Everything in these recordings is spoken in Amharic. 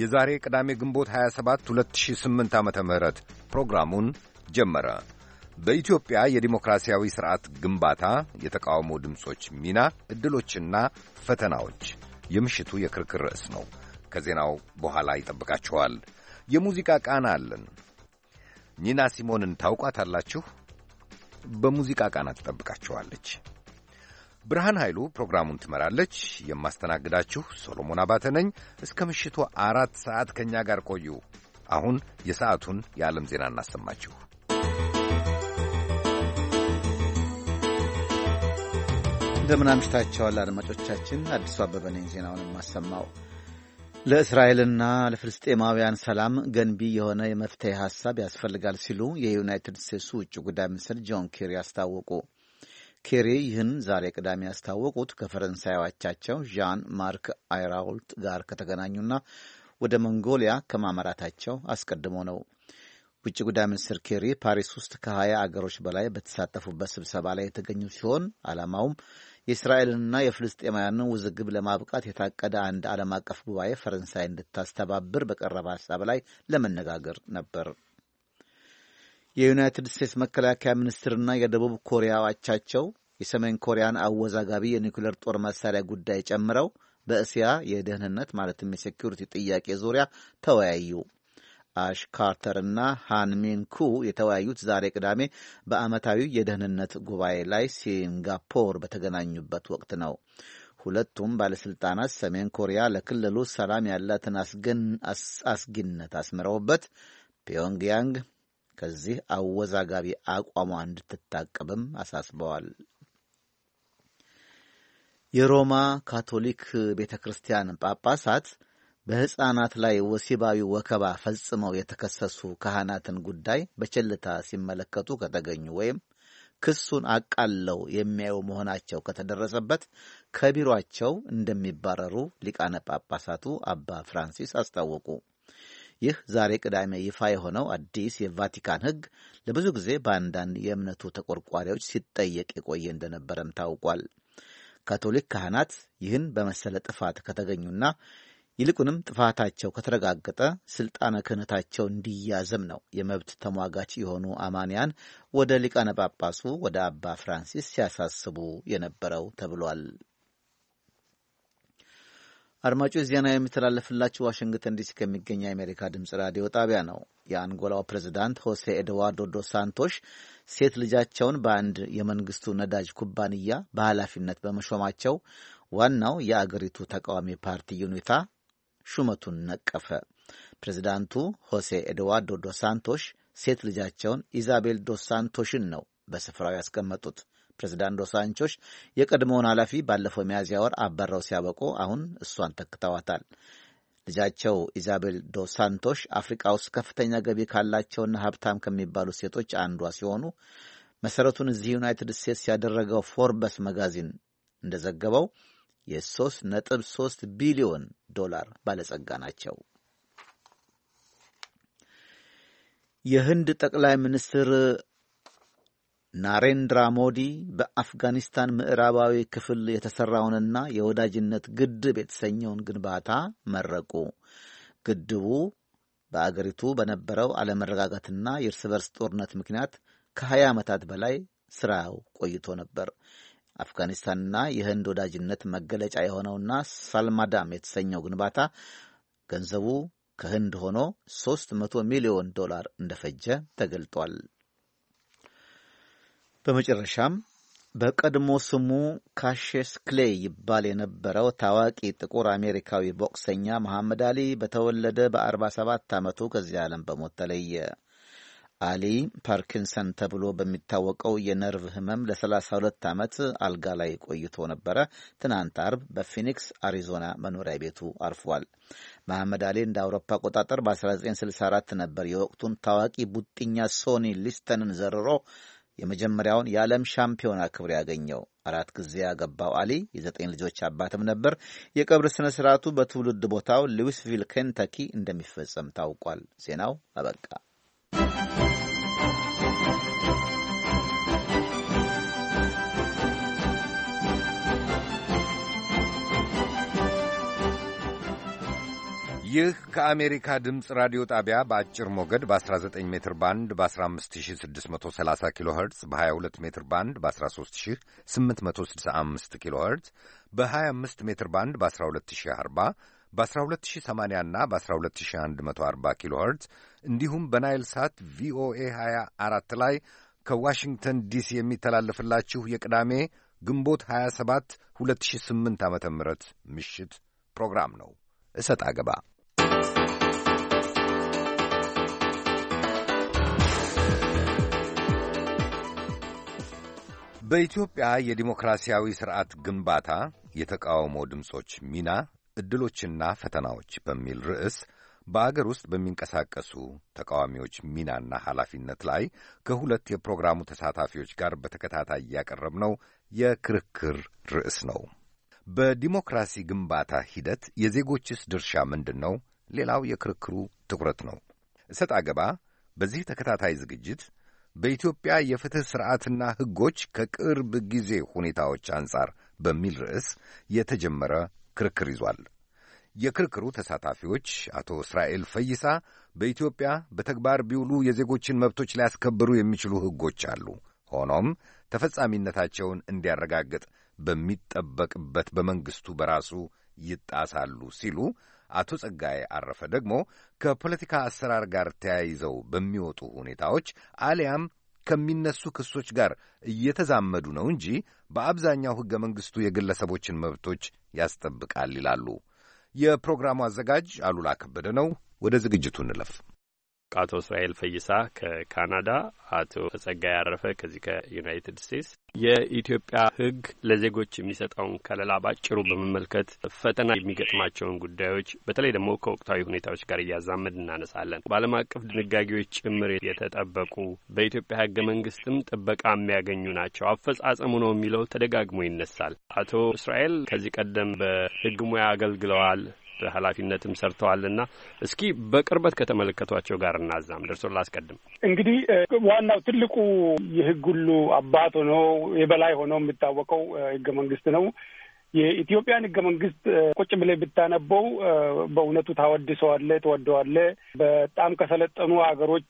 የዛሬ ቅዳሜ ግንቦት 27 2008 ዓ ም ፕሮግራሙን ጀመረ። በኢትዮጵያ የዲሞክራሲያዊ ሥርዓት ግንባታ የተቃውሞ ድምፆች ሚና፣ ዕድሎችና ፈተናዎች የምሽቱ የክርክር ርዕስ ነው። ከዜናው በኋላ ይጠብቃችኋል። የሙዚቃ ቃና አለን። ኒና ሲሞንን ታውቋታላችሁ? በሙዚቃ ቃና ትጠብቃችኋለች። ብርሃን ኃይሉ ፕሮግራሙን ትመራለች። የማስተናግዳችሁ ሶሎሞን አባተ ነኝ። እስከ ምሽቱ አራት ሰዓት ከእኛ ጋር ቆዩ። አሁን የሰዓቱን የዓለም ዜና እናሰማችሁ። እንደምን አምሽታችኋል አድማጮቻችን። አዲሱ አበበ ነኝ ዜናውን የማሰማው። ለእስራኤልና ለፍልስጤማውያን ሰላም ገንቢ የሆነ የመፍትሄ ሐሳብ ያስፈልጋል ሲሉ የዩናይትድ ስቴትሱ ውጭ ጉዳይ ሚኒስትር ጆን ኬሪ አስታወቁ። ኬሪ ይህን ዛሬ ቅዳሜ ያስታወቁት ከፈረንሳይ አቻቸው ዣን ማርክ አይራውልት ጋር ከተገናኙና ወደ መንጎሊያ ከማመራታቸው አስቀድሞ ነው። ውጭ ጉዳይ ሚኒስትር ኬሪ ፓሪስ ውስጥ ከሀያ አገሮች በላይ በተሳተፉበት ስብሰባ ላይ የተገኙ ሲሆን ዓላማውም የእስራኤልንና የፍልስጤማውያንን ውዝግብ ለማብቃት የታቀደ አንድ ዓለም አቀፍ ጉባኤ ፈረንሳይ እንድታስተባብር በቀረበ ሀሳብ ላይ ለመነጋገር ነበር። የዩናይትድ ስቴትስ መከላከያ ሚኒስትርና የደቡብ ኮሪያ አቻቸው የሰሜን ኮሪያን አወዛጋቢ የኒውክሌር ጦር መሳሪያ ጉዳይ ጨምረው በእስያ የደህንነት ማለትም የሴኪሪቲ ጥያቄ ዙሪያ ተወያዩ። አሽ ካርተርና ሃንሚንኩ የተወያዩት ዛሬ ቅዳሜ በዓመታዊ የደህንነት ጉባኤ ላይ ሲንጋፖር በተገናኙበት ወቅት ነው። ሁለቱም ባለሥልጣናት ሰሜን ኮሪያ ለክልሉ ሰላም ያላትን አስግነት አስጊነት አስምረውበት ፒዮንግያንግ ከዚህ አወዛጋቢ አቋሟ እንድትታቀብም አሳስበዋል። የሮማ ካቶሊክ ቤተ ክርስቲያን ጳጳሳት በሕፃናት ላይ ወሲባዊ ወከባ ፈጽመው የተከሰሱ ካህናትን ጉዳይ በቸልታ ሲመለከቱ ከተገኙ ወይም ክሱን አቃለው የሚያዩ መሆናቸው ከተደረሰበት ከቢሯቸው እንደሚባረሩ ሊቃነ ጳጳሳቱ አባ ፍራንሲስ አስታወቁ። ይህ ዛሬ ቅዳሜ ይፋ የሆነው አዲስ የቫቲካን ሕግ ለብዙ ጊዜ በአንዳንድ የእምነቱ ተቆርቋሪዎች ሲጠየቅ የቆየ እንደነበረም ታውቋል። ካቶሊክ ካህናት ይህን በመሰለ ጥፋት ከተገኙና ይልቁንም ጥፋታቸው ከተረጋገጠ ስልጣነ ክህነታቸው እንዲያዘም ነው የመብት ተሟጋች የሆኑ አማንያን ወደ ሊቃነ ጳጳሱ ወደ አባ ፍራንሲስ ሲያሳስቡ የነበረው ተብሏል። አድማጮች ዜና የሚተላለፍላችሁ ዋሽንግተን ዲሲ ከሚገኝ የአሜሪካ ድምፅ ራዲዮ ጣቢያ ነው። የአንጎላው ፕሬዚዳንት ሆሴ ኤድዋርዶ ዶ ሳንቶሽ ሴት ልጃቸውን በአንድ የመንግስቱ ነዳጅ ኩባንያ በኃላፊነት በመሾማቸው ዋናው የአገሪቱ ተቃዋሚ ፓርቲ ዩኒታ ሹመቱን ነቀፈ። ፕሬዚዳንቱ ሆሴ ኤድዋርዶ ዶ ሳንቶሽ ሴት ልጃቸውን ኢዛቤል ዶ ሳንቶሽን ነው በስፍራው ያስቀመጡት። ፕሬዚዳንት ዶስ የቀድሞውን ኃላፊ ባለፈው ሚያዝያ ወር አባረው ሲያበቁ አሁን እሷን ተክተዋታል። ልጃቸው ኢዛቤል ዶሳንቶሽ ሳንቶሽ አፍሪቃ ውስጥ ከፍተኛ ገቢ ካላቸውና ሀብታም ከሚባሉ ሴቶች አንዷ ሲሆኑ መሰረቱን እዚህ ዩናይትድ ስቴትስ ያደረገው ፎርበስ መጋዚን እንደዘገበው የሶስት ነጥብ 3 ቢሊዮን ዶላር ባለጸጋ ናቸው። የህንድ ጠቅላይ ሚኒስትር ናሬንድራ ሞዲ በአፍጋኒስታን ምዕራባዊ ክፍል የተሠራውንና የወዳጅነት ግድብ የተሰኘውን ግንባታ መረቁ። ግድቡ በአገሪቱ በነበረው አለመረጋጋትና የእርስ በርስ ጦርነት ምክንያት ከ20 ዓመታት በላይ ስራው ቆይቶ ነበር። አፍጋኒስታንና የህንድ ወዳጅነት መገለጫ የሆነውና ሳልማዳም የተሰኘው ግንባታ ገንዘቡ ከህንድ ሆኖ 300 ሚሊዮን ዶላር እንደፈጀ ተገልጧል። በመጨረሻም በቀድሞ ስሙ ካሼስ ክሌይ ይባል የነበረው ታዋቂ ጥቁር አሜሪካዊ ቦክሰኛ መሐመድ አሊ በተወለደ በ47 ዓመቱ ከዚህ ዓለም በሞት ተለየ። አሊ ፓርኪንሰን ተብሎ በሚታወቀው የነርቭ ህመም ለ32 ዓመት አልጋ ላይ ቆይቶ ነበረ። ትናንት አርብ በፊኒክስ አሪዞና መኖሪያ ቤቱ አርፏል። መሐመድ አሊ እንደ አውሮፓ አቆጣጠር በ1964 ነበር የወቅቱን ታዋቂ ቡጢኛ ሶኒ ሊስተንን ዘርሮ የመጀመሪያውን የዓለም ሻምፒዮና ክብር ያገኘው አራት ጊዜ ያገባው አሊ የዘጠኝ ልጆች አባትም ነበር። የቀብር ስነ ስርዓቱ በትውልድ ቦታው ሉዊስቪል ኬንተኪ እንደሚፈጸም ታውቋል። ዜናው አበቃ። ይህ ከአሜሪካ ድምፅ ራዲዮ ጣቢያ በአጭር ሞገድ በ19 ሜትር ባንድ በ15630 ኪሎ ኸርትዝ በ22 ሜትር ባንድ በ13865 ኪሎ ኸርትዝ በ25 ሜትር ባንድ በ 1240 በ 1280 እና በ12140 ኪሎ ኸርትዝ እንዲሁም በናይል ሳት ቪኦኤ 24 ላይ ከዋሽንግተን ዲሲ የሚተላለፍላችሁ የቅዳሜ ግንቦት 27 2008 ዓ ም ምሽት ፕሮግራም ነው። እሰጥ አገባ በኢትዮጵያ የዲሞክራሲያዊ ስርዓት ግንባታ የተቃውሞ ድምፆች ሚና ዕድሎችና ፈተናዎች በሚል ርዕስ በአገር ውስጥ በሚንቀሳቀሱ ተቃዋሚዎች ሚናና ኃላፊነት ላይ ከሁለት የፕሮግራሙ ተሳታፊዎች ጋር በተከታታይ ያቀረብነው የክርክር ርዕስ ነው። በዲሞክራሲ ግንባታ ሂደት የዜጎችስ ድርሻ ምንድን ነው? ሌላው የክርክሩ ትኩረት ነው። እሰጥ አገባ በዚህ ተከታታይ ዝግጅት በኢትዮጵያ የፍትሕ ሥርዓትና ሕጎች ከቅርብ ጊዜ ሁኔታዎች አንጻር በሚል ርዕስ የተጀመረ ክርክር ይዟል። የክርክሩ ተሳታፊዎች አቶ እስራኤል ፈይሳ በኢትዮጵያ በተግባር ቢውሉ የዜጎችን መብቶች ሊያስከብሩ የሚችሉ ሕጎች አሉ፣ ሆኖም ተፈጻሚነታቸውን እንዲያረጋግጥ በሚጠበቅበት በመንግሥቱ በራሱ ይጣሳሉ ሲሉ አቶ ጸጋዬ አረፈ ደግሞ ከፖለቲካ አሰራር ጋር ተያይዘው በሚወጡ ሁኔታዎች አሊያም ከሚነሱ ክሶች ጋር እየተዛመዱ ነው እንጂ በአብዛኛው ሕገ መንግሥቱ የግለሰቦችን መብቶች ያስጠብቃል ይላሉ። የፕሮግራሙ አዘጋጅ አሉላ ከበደ ነው። ወደ ዝግጅቱ እንለፍ። አቶ እስራኤል ፈይሳ ከካናዳ፣ አቶ ጸጋይ ያረፈ ከዚህ ከዩናይትድ ስቴትስ የኢትዮጵያ ሕግ ለዜጎች የሚሰጠውን ከለላ ባጭሩ በመመልከት ፈተና የሚገጥማቸውን ጉዳዮች በተለይ ደግሞ ከወቅታዊ ሁኔታዎች ጋር እያዛመድ እናነሳለን። በዓለም አቀፍ ድንጋጌዎች ጭምር የተጠበቁ በኢትዮጵያ ሕገ መንግስትም ጥበቃ የሚያገኙ ናቸው። አፈጻጸሙ ነው የሚለው ተደጋግሞ ይነሳል። አቶ እስራኤል ከዚህ ቀደም በሕግ ሙያ አገልግለዋል። ኃላፊነትም ሰርተዋልና እስኪ በቅርበት ከተመለከቷቸው ጋር እናዛም። ደርሶ ላስቀድም እንግዲህ ዋናው ትልቁ የህግ ሁሉ አባት ሆኖ የበላይ ሆኖ የሚታወቀው ህገ መንግስት ነው። የኢትዮጵያን ህገ መንግስት ቁጭ ብለህ ብታነበው በእውነቱ ታወድሰዋለህ፣ ትወደዋለህ። በጣም ከሰለጠኑ ሀገሮች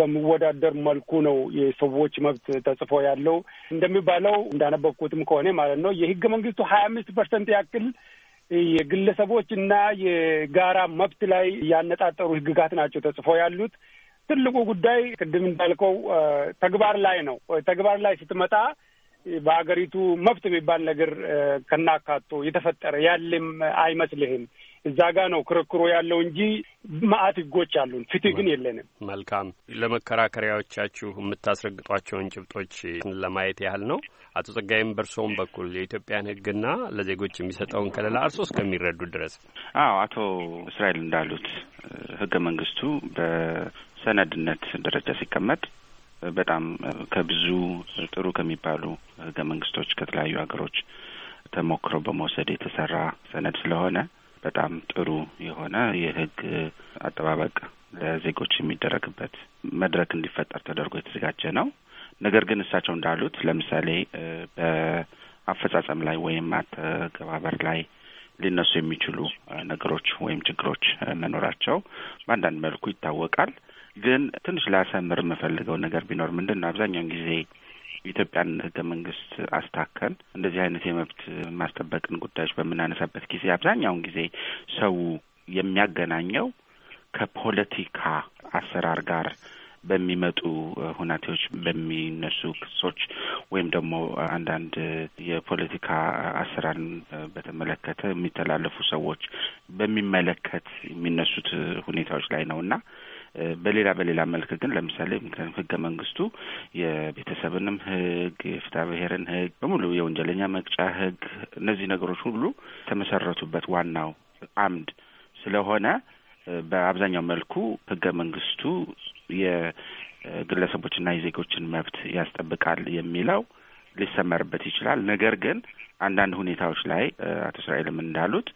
በሚወዳደር መልኩ ነው የሰዎች መብት ተጽፎ ያለው። እንደሚባለው እንዳነበብኩትም ከሆነ ማለት ነው የህገ መንግስቱ ሀያ አምስት ፐርሰንት ያክል የግለሰቦች እና የጋራ መብት ላይ ያነጣጠሩ ህግጋት ናቸው ተጽፎ ያሉት። ትልቁ ጉዳይ ቅድም እንዳልከው ተግባር ላይ ነው። ተግባር ላይ ስትመጣ በሀገሪቱ መብት የሚባል ነገር ከናካቶ የተፈጠረ ያለም አይመስልህም። እዛ ጋ ነው ክርክሩ ያለው እንጂ ማአት ህጎች አሉን፣ ፍትህ ግን የለንም። መልካም ለመከራከሪያዎቻችሁ የምታስረግጧቸውን ጭብጦች ለማየት ያህል ነው። አቶ ጸጋይም በእርስዎም በኩል የኢትዮጵያን ህግና ለዜጎች የሚሰጠውን ከለላ እርስዎ እስከሚረዱ ድረስ። አዎ አቶ እስራኤል እንዳሉት ህገ መንግስቱ በሰነድነት ደረጃ ሲቀመጥ በጣም ከብዙ ጥሩ ከሚባሉ ህገ መንግስቶች ከተለያዩ ሀገሮች ተሞክሮ በመውሰድ የተሰራ ሰነድ ስለሆነ በጣም ጥሩ የሆነ የህግ አጠባበቅ ለዜጎች የሚደረግበት መድረክ እንዲፈጠር ተደርጎ የተዘጋጀ ነው። ነገር ግን እሳቸው እንዳሉት ለምሳሌ በአፈጻጸም ላይ ወይም አተገባበር ላይ ሊነሱ የሚችሉ ነገሮች ወይም ችግሮች መኖራቸው በአንዳንድ መልኩ ይታወቃል። ግን ትንሽ ላሰምር የምፈልገው ነገር ቢኖር ምንድን ነው አብዛኛውን ጊዜ የኢትዮጵያን ህገ መንግስት አስታከን እንደዚህ አይነት የመብት ማስጠበቅን ጉዳዮች በምናነሳበት ጊዜ አብዛኛውን ጊዜ ሰው የሚያገናኘው ከፖለቲካ አሰራር ጋር በሚመጡ ሁናቴዎች በሚነሱ ክሶች ወይም ደግሞ አንዳንድ የፖለቲካ አሰራርን በተመለከተ የሚተላለፉ ሰዎች በሚመለከት የሚነሱት ሁኔታዎች ላይ ነው እና በሌላ በሌላ መልክ ግን ለምሳሌ ምክንያቱም ህገ መንግስቱ የቤተሰብንም ህግ የፍትሐ ብሔርን ህግ በሙሉ የወንጀለኛ መቅጫ ህግ እነዚህ ነገሮች ሁሉ የተመሰረቱበት ዋናው አምድ ስለሆነ በአብዛኛው መልኩ ህገ መንግስቱ የግለሰቦችና የዜጎችን መብት ያስጠብቃል የሚለው ሊሰመርበት ይችላል። ነገር ግን አንዳንድ ሁኔታዎች ላይ አቶ እስራኤልም እንዳሉት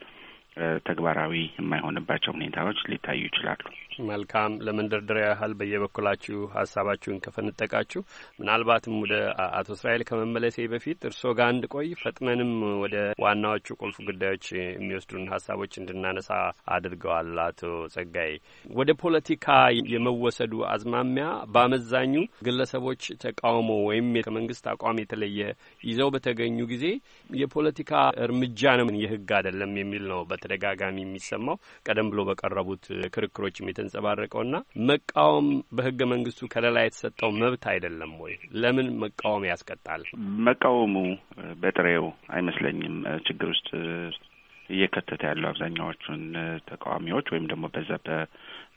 ተግባራዊ የማይሆንባቸው ሁኔታዎች ሊታዩ ይችላሉ። መልካም ለመንደርደሪያ ያህል በየበኩላችሁ ሀሳባችሁን ከፈንጠቃችሁ ምናልባትም ወደ አቶ እስራኤል ከመመለሴ በፊት እርስዎ ጋር እንድቆይ ቆይ ፈጥነንም ወደ ዋናዎቹ ቁልፍ ጉዳዮች የሚወስዱን ሀሳቦች እንድናነሳ አድርገዋል። አቶ ጸጋዬ ወደ ፖለቲካ የመወሰዱ አዝማሚያ በአመዛኙ ግለሰቦች ተቃውሞ ወይም ከመንግስት አቋም የተለየ ይዘው በተገኙ ጊዜ የፖለቲካ እርምጃ ነው፣ የህግ አይደለም የሚል ነው በተደጋጋሚ የሚሰማው ቀደም ብሎ በቀረቡት ክርክሮች የተንጸባረቀውና መቃወም በህገ መንግስቱ ከለላ የተሰጠው መብት አይደለም ወይ? ለምን መቃወም ያስቀጣል? መቃወሙ በጥሬው አይመስለኝም ችግር ውስጥ እየከተተ ያለው አብዛኛዎቹን ተቃዋሚዎች ወይም ደግሞ በዛ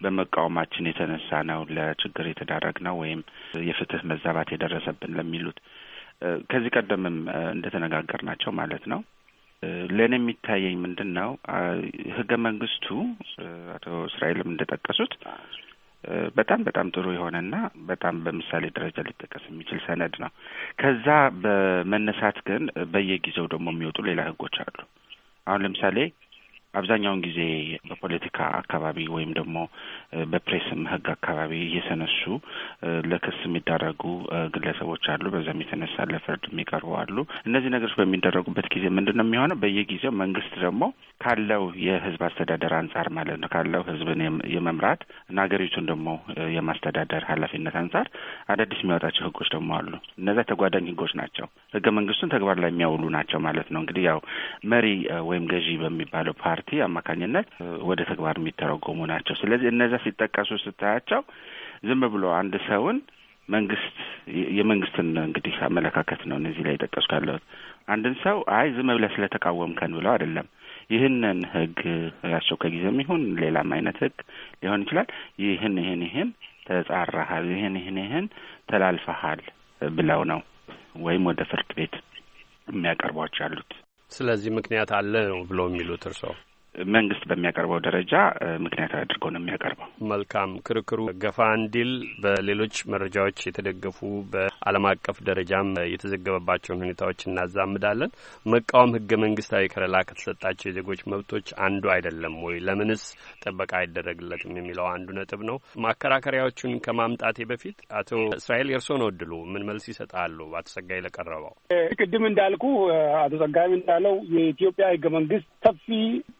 በመቃወማችን የተነሳ ነው ለችግር የተዳረግ ነው ወይም የፍትህ መዛባት የደረሰብን ለሚሉት ከዚህ ቀደምም ናቸው ማለት ነው ለእኔ የሚታየኝ ምንድን ነው ህገ መንግስቱ አቶ እስራኤልም እንደጠቀሱት በጣም በጣም ጥሩ የሆነና በጣም በምሳሌ ደረጃ ሊጠቀስ የሚችል ሰነድ ነው። ከዛ በመነሳት ግን በየጊዜው ደግሞ የሚወጡ ሌላ ህጎች አሉ። አሁን ለምሳሌ አብዛኛውን ጊዜ በፖለቲካ አካባቢ ወይም ደግሞ በፕሬስም ህግ አካባቢ እየተነሱ ለክስ የሚዳረጉ ግለሰቦች አሉ። በዛም የተነሳ ለፍርድ የሚቀርቡ አሉ። እነዚህ ነገሮች በሚደረጉበት ጊዜ ምንድን ነው የሚሆነው? በየጊዜው መንግስት ደግሞ ካለው የህዝብ አስተዳደር አንጻር ማለት ነው ካለው ህዝብን የመምራት እና ሀገሪቱን ደግሞ የማስተዳደር ኃላፊነት አንጻር አዳዲስ የሚያወጣቸው ህጎች ደግሞ አሉ። እነዛ ተጓዳኝ ህጎች ናቸው። ህገ መንግስቱን ተግባር ላይ የሚያውሉ ናቸው ማለት ነው። እንግዲህ ያው መሪ ወይም ገዢ በሚባለው ፓርቲ ፓርቲ አማካኝነት ወደ ተግባር የሚተረጎሙ ናቸው። ስለዚህ እነዚያ ሲጠቀሱ ስታያቸው ዝም ብሎ አንድ ሰውን መንግስት የመንግስትን እንግዲህ አመለካከት ነው እነዚህ ላይ የጠቀሱ ያለሁት አንድን ሰው አይ ዝም ብለህ ስለተቃወምከን ብለው አይደለም። ይህንን ህግ አስቸኳይ ጊዜም ይሁን ሌላም አይነት ህግ ሊሆን ይችላል። ይህን ይህን ይህን ተጻረሃል፣ ይህን ይህን ይህን ተላልፈሃል ብለው ነው ወይም ወደ ፍርድ ቤት የሚያቀርቧቸው ያሉት። ስለዚህ ምክንያት አለ ነው ብሎ የሚሉት እርስዎ መንግስት በሚያቀርበው ደረጃ ምክንያታዊ አድርጎ ነው የሚያቀርበው። መልካም ክርክሩ ገፋ እንዲል በሌሎች መረጃዎች የተደገፉ በዓለም አቀፍ ደረጃም የተዘገበባቸውን ሁኔታዎች እናዛምዳለን። መቃወም ህገ መንግስታዊ ከለላ ከተሰጣቸው የዜጎች መብቶች አንዱ አይደለም ወይ? ለምንስ ጥበቃ አይደረግለትም የሚለው አንዱ ነጥብ ነው። ማከራከሪያዎቹን ከማምጣቴ በፊት አቶ እስራኤል የእርሶ ነው እድሉ። ምን መልስ ይሰጣሉ? አቶ ጸጋይ ለቀረበው ቅድም እንዳልኩ አቶ ጸጋይም እንዳለው የኢትዮጵያ ህገ መንግስት ሰፊ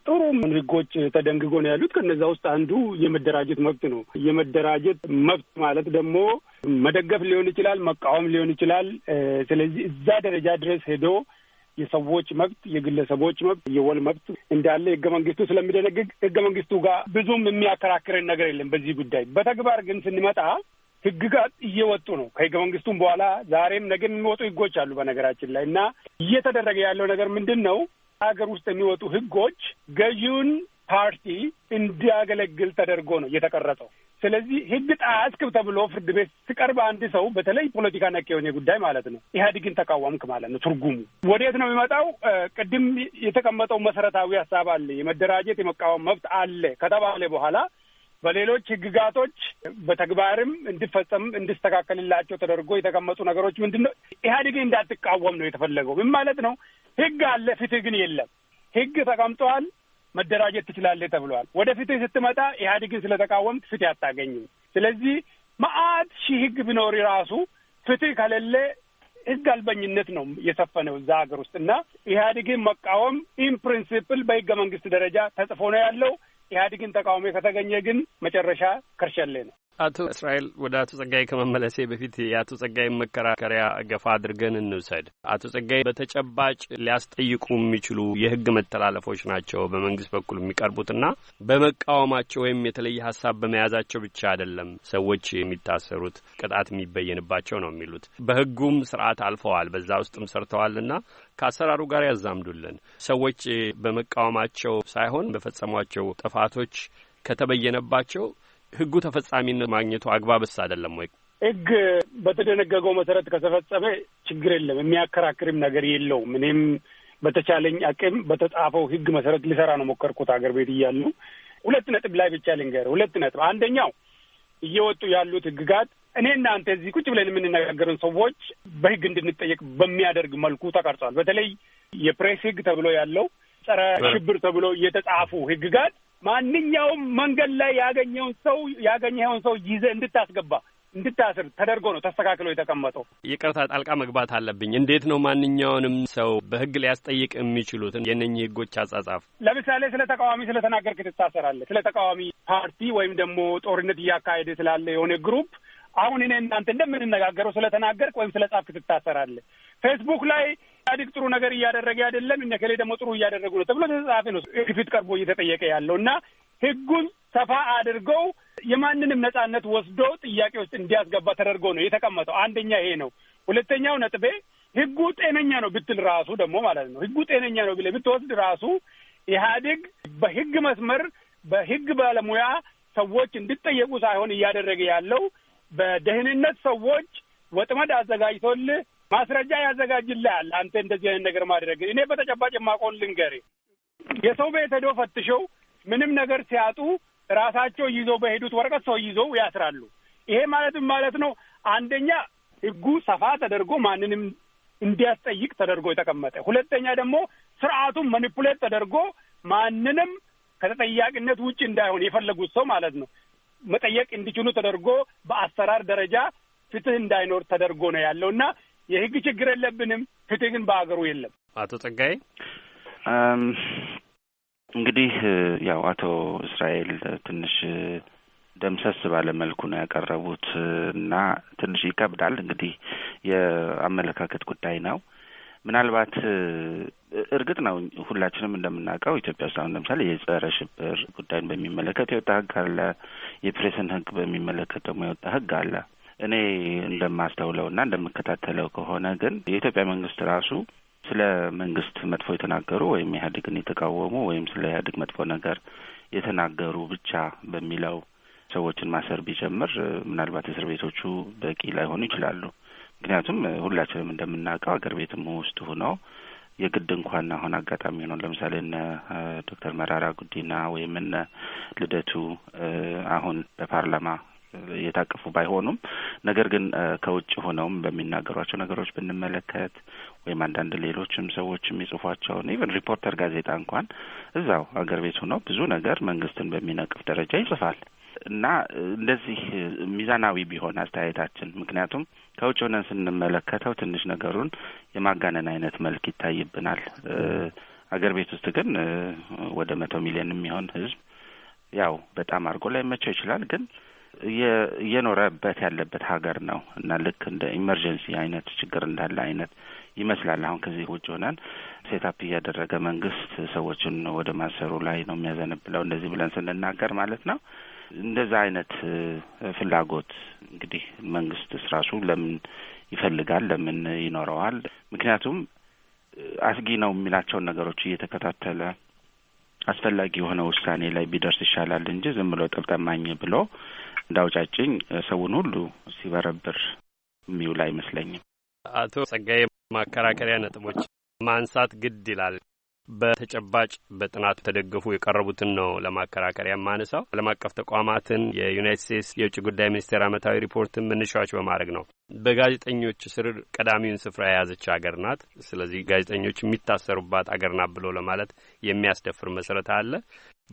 ጥሩ ምን ህጎች ተደንግጎ ነው ያሉት። ከነዛ ውስጥ አንዱ የመደራጀት መብት ነው። የመደራጀት መብት ማለት ደግሞ መደገፍ ሊሆን ይችላል፣ መቃወም ሊሆን ይችላል። ስለዚህ እዛ ደረጃ ድረስ ሄዶ የሰዎች መብት፣ የግለሰቦች መብት፣ የወል መብት እንዳለ ህገ መንግስቱ ስለሚደነግግ ህገ መንግስቱ ጋር ብዙም የሚያከራክረን ነገር የለም በዚህ ጉዳይ። በተግባር ግን ስንመጣ ህግጋት እየወጡ ነው። ከህገ መንግስቱም በኋላ ዛሬም ነገ የሚወጡ ህጎች አሉ። በነገራችን ላይ እና እየተደረገ ያለው ነገር ምንድን ነው? ሀገር ውስጥ የሚወጡ ህጎች ገዢውን ፓርቲ እንዲያገለግል ተደርጎ ነው እየተቀረጸው። ስለዚህ ህግ ጣስክ ተብሎ ፍርድ ቤት ሲቀርብ አንድ ሰው በተለይ ፖለቲካ ነክ የሆነ ጉዳይ ማለት ነው ኢህአዴግን ተቃወምክ ማለት ነው። ትርጉሙ ወዴት ነው የሚመጣው? ቅድም የተቀመጠው መሰረታዊ ሀሳብ አለ፣ የመደራጀት የመቃወም መብት አለ ከተባለ በኋላ በሌሎች ህግጋቶች በተግባርም እንዲፈጸም እንዲስተካከልላቸው ተደርጎ የተቀመጡ ነገሮች ምንድን ነው? ኢህአዴግን እንዳትቃወም ነው የተፈለገው። ምን ማለት ነው? ህግ አለ፣ ፍትህ ግን የለም። ህግ ተቀምጠዋል፣ መደራጀት ትችላለህ ተብለዋል። ወደ ፍትህ ስትመጣ ኢህአዴግን ስለተቃወም ፍትህ አታገኝም። ስለዚህ መአት ሺህ ህግ ቢኖር ራሱ ፍትህ ከሌለ ህግ አልበኝነት ነው የሰፈነው እዛ ሀገር ውስጥ እና ኢህአዴግን መቃወም ኢን ፕሪንሲፕል በህገ መንግስት ደረጃ ተጽፎ ነው ያለው። ኢህአዴግን ተቃውሞ ከተገኘ ግን መጨረሻ ከርሸሌ ነው። አቶ እስራኤል ወደ አቶ ጸጋይ ከመመለሴ በፊት የአቶ ጸጋይ መከራከሪያ ገፋ አድርገን እንውሰድ። አቶ ጸጋይ በተጨባጭ ሊያስጠይቁ የሚችሉ የህግ መተላለፎች ናቸው በመንግስት በኩል የሚቀርቡትና በመቃወማቸው ወይም የተለየ ሀሳብ በመያዛቸው ብቻ አይደለም ሰዎች የሚታሰሩት ቅጣት የሚበየንባቸው ነው የሚሉት በህጉም ስርዓት አልፈዋል፣ በዛ ውስጥም ሰርተዋልና ከአሰራሩ ጋር ያዛምዱልን። ሰዎች በመቃወማቸው ሳይሆን በፈጸሟቸው ጥፋቶች ከተበየነባቸው ህጉ ተፈጻሚነት ማግኘቱ አግባብስ አይደለም ወይ? ህግ በተደነገገው መሰረት ከተፈጸመ ችግር የለም፣ የሚያከራክርም ነገር የለውም። እኔም በተቻለኝ አቅም በተጻፈው ህግ መሰረት ልሰራ ነው ሞከርኩት ሀገር ቤት እያሉ ሁለት ነጥብ ላይ ብቻ ልንገር። ሁለት ነጥብ አንደኛው እየወጡ ያሉት ህግጋት እኔ እናንተ እዚህ ቁጭ ብለን የምንነጋገርን ሰዎች በህግ እንድንጠየቅ በሚያደርግ መልኩ ተቀርጿል። በተለይ የፕሬስ ህግ ተብሎ ያለው ጸረ ሽብር ተብሎ የተጻፉ ህግጋት ማንኛውም መንገድ ላይ ያገኘውን ሰው ያገኘውን ሰው ይዘ እንድታስገባ እንድታስር ተደርጎ ነው ተስተካክሎ የተቀመጠው። ይቅርታ ጣልቃ መግባት አለብኝ። እንዴት ነው ማንኛውንም ሰው በህግ ሊያስጠይቅ የሚችሉት የነኚህ ህጎች አጻጻፍ? ለምሳሌ ስለ ተቃዋሚ ስለተናገርክ ትታሰራለህ። ስለ ተቃዋሚ ፓርቲ ወይም ደግሞ ጦርነት እያካሄደ ስላለ የሆነ ግሩፕ አሁን እኔ እናንተ እንደምንነጋገረው ተናገርክ ወይም ስለ ጻፍክ ትታሰራለህ። ፌስቡክ ላይ ኢህአዲግ ጥሩ ነገር እያደረገ አይደለም፣ እነ ከሌ ደግሞ ጥሩ እያደረጉ ነው ተብሎ ተጻፈ ነው ፊት ቀርቦ እየተጠየቀ ያለው እና ህጉን ሰፋ አድርገው የማንንም ነጻነት ወስዶ ጥያቄ ውስጥ እንዲያስገባ ተደርጎ ነው የተቀመጠው። አንደኛ ይሄ ነው። ሁለተኛው ነጥቤ ህጉ ጤነኛ ነው ብትል ራሱ ደግሞ ማለት ነው ህጉ ጤነኛ ነው ብለህ ብትወስድ ራሱ ኢህአዴግ በህግ መስመር በህግ ባለሙያ ሰዎች እንዲጠየቁ ሳይሆን እያደረገ ያለው በደህንነት ሰዎች ወጥመድ አዘጋጅቶልህ ማስረጃ ያዘጋጅልሃል። አንተ እንደዚህ አይነት ነገር ማድረግ እኔ በተጨባጭ የማቆን ልንገር። የሰው ቤት ሄዶ ፈትሸው ምንም ነገር ሲያጡ ራሳቸው ይዘው በሄዱት ወረቀት ሰው ይዘው ያስራሉ። ይሄ ማለትም ማለት ነው አንደኛ ህጉ ሰፋ ተደርጎ ማንንም እንዲያስጠይቅ ተደርጎ የተቀመጠ፣ ሁለተኛ ደግሞ ስርዓቱን መኒፑሌት ተደርጎ ማንንም ከተጠያቂነት ውጭ እንዳይሆን የፈለጉት ሰው ማለት ነው መጠየቅ እንዲችሉ ተደርጎ በአሰራር ደረጃ ፍትህ እንዳይኖር ተደርጎ ነው ያለው እና የህግ ችግር የለብንም። ፍትህ ግን በሀገሩ የለም። አቶ ጸጋዬ እንግዲህ ያው አቶ እስራኤል ትንሽ ደምሰስ ባለ መልኩ ነው ያቀረቡት እና ትንሽ ይከብዳል። እንግዲህ የአመለካከት ጉዳይ ነው። ምናልባት እርግጥ ነው ሁላችንም እንደምናውቀው ኢትዮጵያ ውስጥ አሁን ለምሳሌ የጸረ ሽብር ጉዳይን በሚመለከት የወጣ ህግ አለ። የፕሬስን ህግ በሚመለከት ደግሞ የወጣ ህግ አለ። እኔ እንደማስተውለው እና እንደምከታተለው ከሆነ ግን የኢትዮጵያ መንግስት ራሱ ስለ መንግስት መጥፎ የተናገሩ ወይም ኢህአዴግን የተቃወሙ ወይም ስለ ኢህአዴግ መጥፎ ነገር የተናገሩ ብቻ በሚለው ሰዎችን ማሰር ቢጀምር ምናልባት እስር ቤቶቹ በቂ ላይሆኑ ይችላሉ። ምክንያቱም ሁላችንም እንደምናውቀው አገር ቤትም ውስጥ ሁኖ የግድ እንኳን አሁን አጋጣሚ ሆነው ለምሳሌ እነ ዶክተር መራራ ጉዲና ወይም እነ ልደቱ አሁን በፓርላማ የታቀፉ ባይሆኑም ነገር ግን ከውጭ ሆነውም በሚናገሯቸው ነገሮች ብንመለከት ወይም አንዳንድ ሌሎችም ሰዎች የሚጽፏቸውን ኢቨን ሪፖርተር ጋዜጣ እንኳን እዛው አገር ቤት ሆነው ብዙ ነገር መንግስትን በሚነቅፍ ደረጃ ይጽፋል እና እንደዚህ ሚዛናዊ ቢሆን አስተያየታችን ምክንያቱም ከውጭ ሆነን ስንመለከተው ትንሽ ነገሩን የማጋነን አይነት መልክ ይታይብናል። አገር ቤት ውስጥ ግን ወደ መቶ ሚሊዮን የሚሆን ህዝብ ያው በጣም አድርጎ ላይመቸው ይችላል ግን እየኖረበት ያለበት ሀገር ነው እና ልክ እንደ ኢመርጀንሲ አይነት ችግር እንዳለ አይነት ይመስላል። አሁን ከዚህ ውጭ ሆነን ሴታፕ እያደረገ መንግስት ሰዎችን ወደ ማሰሩ ላይ ነው የሚያዘነብለው እንደዚህ ብለን ስንናገር ማለት ነው። እንደዛ አይነት ፍላጎት እንግዲህ መንግስት ስራሱ ለምን ይፈልጋል? ለምን ይኖረዋል? ምክንያቱም አስጊ ነው የሚላቸውን ነገሮች እየተከታተለ አስፈላጊ የሆነ ውሳኔ ላይ ቢደርስ ይሻላል እንጂ ዝም ብሎ ጠብጠማኝ ብሎ እንዳውጫጭኝ ሰውን ሁሉ ሲበረብር የሚውል አይመስለኝም። አቶ ጸጋዬ ማከራከሪያ ነጥቦች ማንሳት ግድ ይላል። በተጨባጭ በጥናት ተደግፉ የቀረቡትን ነው ለማከራከር የማነሳው። ዓለም አቀፍ ተቋማትን የዩናይት ስቴትስ የውጭ ጉዳይ ሚኒስቴር ዓመታዊ ሪፖርትን መነሻዎች በማድረግ ነው። በጋዜጠኞች ስር ቀዳሚውን ስፍራ የያዘች አገር ናት። ስለዚህ ጋዜጠኞች የሚታሰሩባት አገር ናት ብሎ ለማለት የሚያስደፍር መሰረት አለ።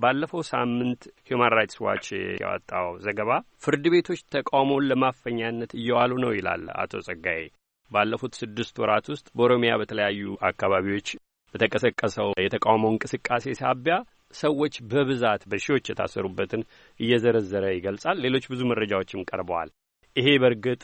ባለፈው ሳምንት ሂዩማን ራይትስ ዋች ያወጣው ዘገባ ፍርድ ቤቶች ተቃውሞውን ለማፈኛነት እየዋሉ ነው ይላል አቶ ጸጋዬ። ባለፉት ስድስት ወራት ውስጥ በኦሮሚያ በተለያዩ አካባቢዎች በተቀሰቀሰው የተቃውሞ እንቅስቃሴ ሳቢያ ሰዎች በብዛት በሺዎች የታሰሩበትን እየዘረዘረ ይገልጻል። ሌሎች ብዙ መረጃዎችም ቀርበዋል። ይሄ በእርግጥ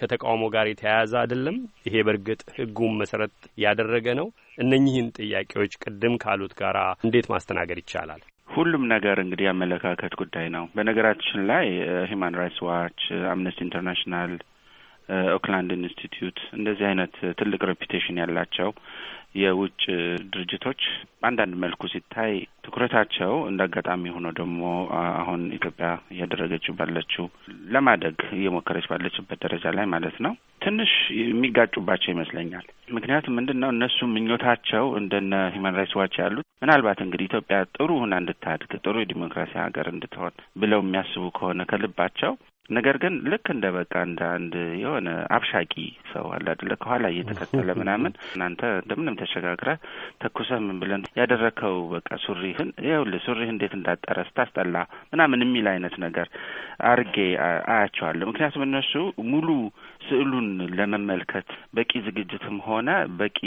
ከተቃውሞ ጋር የተያያዘ አይደለም። ይሄ በእርግጥ ሕጉን መሰረት ያደረገ ነው። እነኚህን ጥያቄዎች ቅድም ካሉት ጋር እንዴት ማስተናገድ ይቻላል? ሁሉም ነገር እንግዲህ የአመለካከት ጉዳይ ነው። በነገራችን ላይ ሂማን ራይትስ ዋች፣ አምነስቲ ኢንተርናሽናል፣ ኦክላንድ ኢንስቲትዩት እንደዚህ አይነት ትልቅ ሬፒቴሽን ያላቸው የውጭ ድርጅቶች በአንዳንድ መልኩ ሲታይ ትኩረታቸው እንደ አጋጣሚ ሆኖ ደግሞ አሁን ኢትዮጵያ እያደረገችው ባለችው ለማደግ እየሞከረች ባለችበት ደረጃ ላይ ማለት ነው ትንሽ የሚጋጩባቸው ይመስለኛል። ምክንያቱም ምንድን ነው እነሱ ምኞታቸው እንደነ ሂማን ራይትስ ዋች ያሉት ምናልባት እንግዲህ ኢትዮጵያ ጥሩ ሁና እንድታድግ ጥሩ የዲሞክራሲ ሀገር እንድትሆን ብለው የሚያስቡ ከሆነ ከልባቸው ነገር ግን ልክ እንደ በቃ እንደ አንድ የሆነ አብሻቂ ሰው አለ አይደለ ከኋላ እየተከተለ ምናምን እናንተ እንደምንም ተሸጋግረ ተኩሰ ምን ብለን ያደረከው በቃ ሱሪህን ይኸውልህ ሱሪህ እንዴት እንዳጠረ ስታስጠላ ምናምን የሚል አይነት ነገር አርጌ አያቸዋለሁ። ምክንያቱም እነሱ ሙሉ ስዕሉን ለመመልከት በቂ ዝግጅትም ሆነ በቂ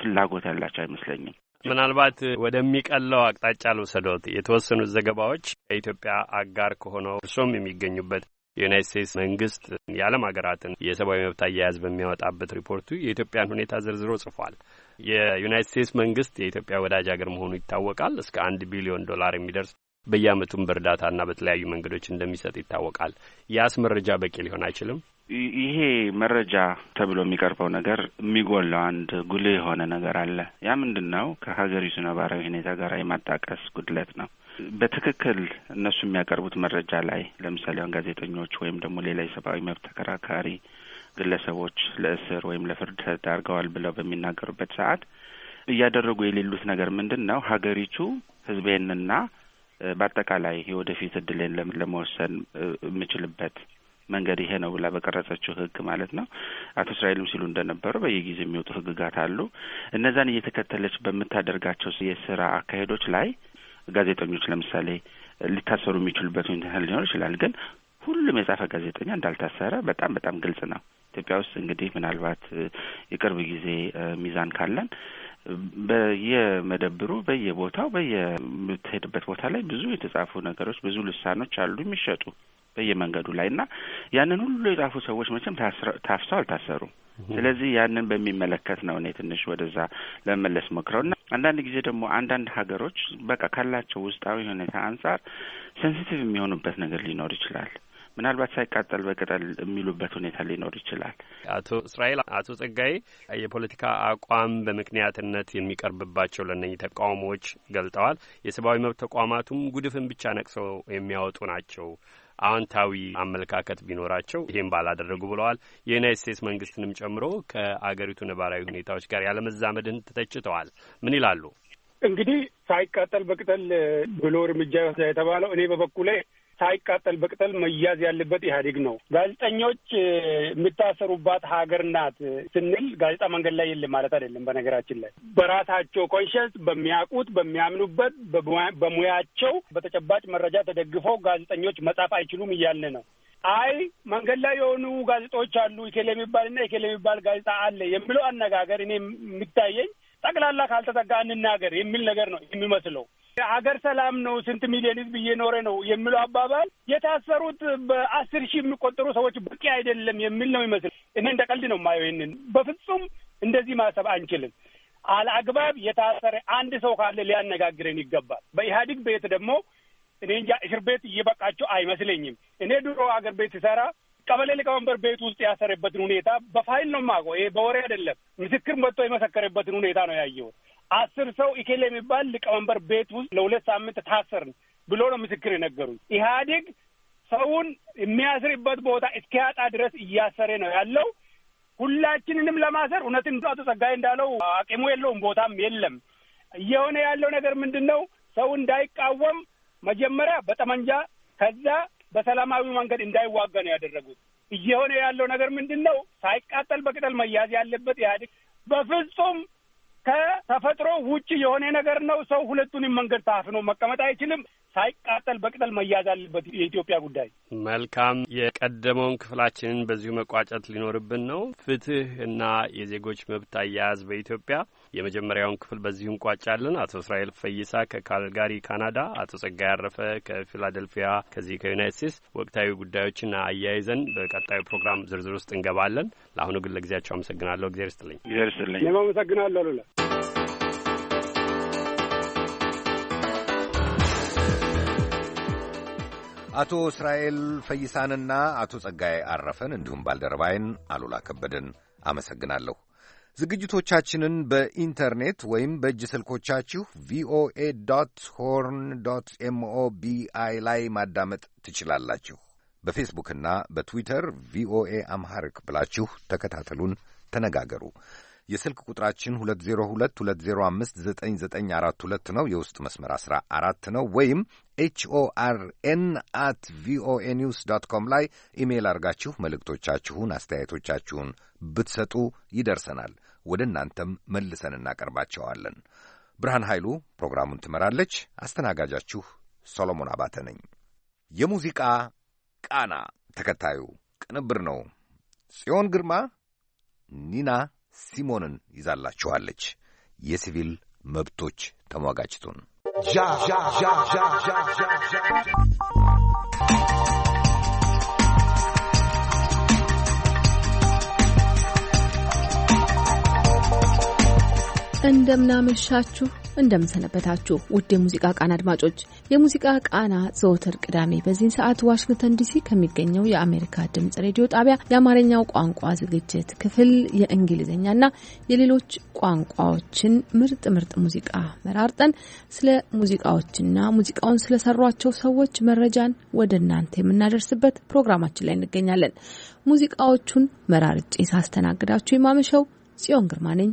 ፍላጎት ያላቸው አይመስለኝም። ምናልባት ወደሚቀለው አቅጣጫ ልውሰዶት። የተወሰኑት ዘገባዎች ከኢትዮጵያ አጋር ከሆነው እርሶም የሚገኙበት የዩናይት ስቴትስ መንግስት የዓለም ሀገራትን የሰብአዊ መብት አያያዝ በሚያወጣበት ሪፖርቱ የኢትዮጵያን ሁኔታ ዝርዝሮ ጽፏል። የዩናይት ስቴትስ መንግስት የኢትዮጵያ ወዳጅ ሀገር መሆኑ ይታወቃል። እስከ አንድ ቢሊዮን ዶላር የሚደርስ በየአመቱም በእርዳታና በተለያዩ መንገዶች እንደሚሰጥ ይታወቃል። ያስ መረጃ በቂ ሊሆን አይችልም። ይሄ መረጃ ተብሎ የሚቀርበው ነገር የሚጎላው አንድ ጉልህ የሆነ ነገር አለ። ያ ምንድን ነው? ከሀገሪቱ ነባራዊ ሁኔታ ጋር የማጣቀስ ጉድለት ነው። በትክክል እነሱ የሚያቀርቡት መረጃ ላይ ለምሳሌ አሁን ጋዜጠኞች ወይም ደግሞ ሌላ የሰብአዊ መብት ተከራካሪ ግለሰቦች ለእስር ወይም ለፍርድ ተዳርገዋል ብለው በሚናገሩበት ሰዓት እያደረጉ የሌሉት ነገር ምንድን ነው? ሀገሪቱ ህዝቤንና በአጠቃላይ የወደፊት እድሌን ለመወሰን የምችልበት መንገድ ይሄ ነው ብላ በቀረጸችው ህግ ማለት ነው። አቶ እስራኤልም ሲሉ እንደነበሩ በየጊዜ የሚወጡ ህግጋት አሉ። እነዛን እየተከተለች በምታደርጋቸው የስራ አካሄዶች ላይ ጋዜጠኞች ለምሳሌ ሊታሰሩ የሚችሉበት ሁኔታ ሊኖር ይችላል። ግን ሁሉም የጻፈ ጋዜጠኛ እንዳልታሰረ በጣም በጣም ግልጽ ነው። ኢትዮጵያ ውስጥ እንግዲህ ምናልባት የቅርብ ጊዜ ሚዛን ካለን በየመደብሩ በየቦታው በየምትሄድበት ቦታ ላይ ብዙ የተጻፉ ነገሮች ብዙ ልሳኖች አሉ የሚሸጡ በየመንገዱ ላይ እና ያንን ሁሉ የጻፉ ሰዎች መቼም ታፍሰው አልታሰሩም። ስለዚህ ያንን በሚመለከት ነው እኔ ትንሽ ወደዛ ለመመለስ ሞክረው አንዳንድ ጊዜ ደግሞ አንዳንድ ሀገሮች በቃ ካላቸው ውስጣዊ ሁኔታ አንጻር ሴንሲቲቭ የሚሆኑበት ነገር ሊኖር ይችላል። ምናልባት ሳይቃጠል በቅጠል የሚሉበት ሁኔታ ሊኖር ይችላል። አቶ እስራኤል፣ አቶ ጸጋዬ የፖለቲካ አቋም በምክንያትነት የሚቀርብባቸው ለነኝ ተቃውሞዎች ገልጠዋል። የሰብአዊ መብት ተቋማቱም ጉድፍን ብቻ ነቅሰው የሚያወጡ ናቸው አዎንታዊ አመለካከት ቢኖራቸው ይህም ባላደረጉ ብለዋል። የዩናይት ስቴትስ መንግስትንም ጨምሮ ከአገሪቱ ነባራዊ ሁኔታዎች ጋር ያለመዛመድን ተተችተዋል። ምን ይላሉ? እንግዲህ ሳይቃጠል በቅጠል ብሎ እርምጃ የተባለው እኔ በበኩሌ ሳይቃጠል በቅጠል መያዝ ያለበት ኢህአዴግ ነው። ጋዜጠኞች የሚታሰሩባት ሀገር ናት ስንል ጋዜጣ መንገድ ላይ የለም ማለት አይደለም። በነገራችን ላይ በራሳቸው ኮንሽንስ በሚያውቁት በሚያምኑበት በሙያቸው በተጨባጭ መረጃ ተደግፈው ጋዜጠኞች መጻፍ አይችሉም እያለ ነው። አይ መንገድ ላይ የሆኑ ጋዜጦች አሉ ኢኬል የሚባልና ኢኬል የሚባል ጋዜጣ አለ የሚለው አነጋገር እኔ የሚታየኝ ጠቅላላ ካልተጠጋ እንናገር የሚል ነገር ነው የሚመስለው። አገር ሰላም ነው፣ ስንት ሚሊዮን ህዝብ እየኖረ ነው የሚለው አባባል የታሰሩት በአስር ሺህ የሚቆጠሩ ሰዎች በቂ አይደለም የሚል ነው ይመስል። እኔ እንደ ቀልድ ነው ማየው ይህንን በፍጹም እንደዚህ ማሰብ አንችልም። አልአግባብ የታሰረ አንድ ሰው ካለ ሊያነጋግረን ይገባል። በኢህአዲግ ቤት ደግሞ እኔ እንጃ እስር ቤት እየበቃቸው አይመስለኝም። እኔ ድሮ አገር ቤት ሲሰራ ቀበሌ ሊቀመንበር ቤት ውስጥ ያሰረበትን ሁኔታ በፋይል ነው የማውቀው። ይሄ በወሬ አይደለም። ምስክር መጥቶ የመሰከረበትን ሁኔታ ነው ያየሁት። አስር ሰው ኢኬሌ የሚባል ሊቀመንበር ቤት ውስጥ ለሁለት ሳምንት ታሰርን ብሎ ነው ምስክር የነገሩኝ። ኢህአዴግ ሰውን የሚያስርበት ቦታ እስኪያጣ ድረስ እያሰሬ ነው ያለው። ሁላችንንም ለማሰር እውነትን አቶ ጸጋዬ እንዳለው አቅሙ የለውም፣ ቦታም የለም። እየሆነ ያለው ነገር ምንድን ነው? ሰው እንዳይቃወም መጀመሪያ በጠመንጃ ከዛ በሰላማዊ መንገድ እንዳይዋጋ ነው ያደረጉት። እየሆነ ያለው ነገር ምንድን ነው? ሳይቃጠል በቅጠል መያዝ ያለበት ኢህአዴግ በፍጹም ከተፈጥሮ ውጭ የሆነ ነገር ነው። ሰው ሁለቱንም መንገድ ታፍኖ መቀመጥ አይችልም። ሳይቃጠል በቅጠል መያዝ አለበት የኢትዮጵያ ጉዳይ። መልካም። የቀደመውን ክፍላችንን በዚሁ መቋጨት ሊኖርብን ነው። ፍትህ እና የዜጎች መብት አያያዝ በኢትዮጵያ የመጀመሪያውን ክፍል በዚሁ እንቋጫለን። አቶ እስራኤል ፈይሳ ከካልጋሪ ካናዳ፣ አቶ ጸጋይ አረፈ ከፊላደልፊያ ከዚህ ከዩናይት ስቴትስ ወቅታዊ ጉዳዮችን አያይዘን በቀጣዩ ፕሮግራም ዝርዝር ውስጥ እንገባለን። ለአሁኑ ግን ለጊዜያቸው አመሰግናለሁ። እግዜር ይስጥልኝ። እግዜር ይስጥልኝ። እኔም አመሰግናለሁ አቶ እስራኤል ፈይሳንና አቶ ጸጋይ አረፈን እንዲሁም ባልደረባይን አሉላ ከበደን አመሰግናለሁ። ዝግጅቶቻችንን በኢንተርኔት ወይም በእጅ ስልኮቻችሁ ቪኦኤ ዶት ሆርን ዶት ኤምኦቢአይ ላይ ማዳመጥ ትችላላችሁ። በፌስቡክና በትዊተር ቪኦኤ አምሃርክ ብላችሁ ተከታተሉን፣ ተነጋገሩ። የስልክ ቁጥራችን 2022059942 ነው። የውስጥ መስመር 14 ነው። ወይም ኤችኦአርኤን አት ቪኦኤ ኒውስ ዶት ኮም ላይ ኢሜይል አድርጋችሁ መልእክቶቻችሁን፣ አስተያየቶቻችሁን ብትሰጡ ይደርሰናል። ወደ እናንተም መልሰን እናቀርባቸዋለን። ብርሃን ኃይሉ ፕሮግራሙን ትመራለች። አስተናጋጃችሁ ሶሎሞን አባተ ነኝ። የሙዚቃ ቃና ተከታዩ ቅንብር ነው። ጽዮን ግርማ፣ ኒና ሲሞንን ይዛላችኋለች። የሲቪል መብቶች ተሟጋችቱን እንደምናመሻችሁ እንደምንሰነበታችሁ ውድ የሙዚቃ ቃና አድማጮች፣ የሙዚቃ ቃና ዘወትር ቅዳሜ በዚህን ሰዓት ዋሽንግተን ዲሲ ከሚገኘው የአሜሪካ ድምጽ ሬዲዮ ጣቢያ የአማርኛው ቋንቋ ዝግጅት ክፍል የእንግሊዝኛና የሌሎች ቋንቋዎችን ምርጥ ምርጥ ሙዚቃ መራርጠን ስለ ሙዚቃዎችና ሙዚቃውን ስለሰሯቸው ሰዎች መረጃን ወደ እናንተ የምናደርስበት ፕሮግራማችን ላይ እንገኛለን። ሙዚቃዎቹን መራርጬ ሳስተናግዳችሁ የማመሸው ጽዮን ግርማ ነኝ።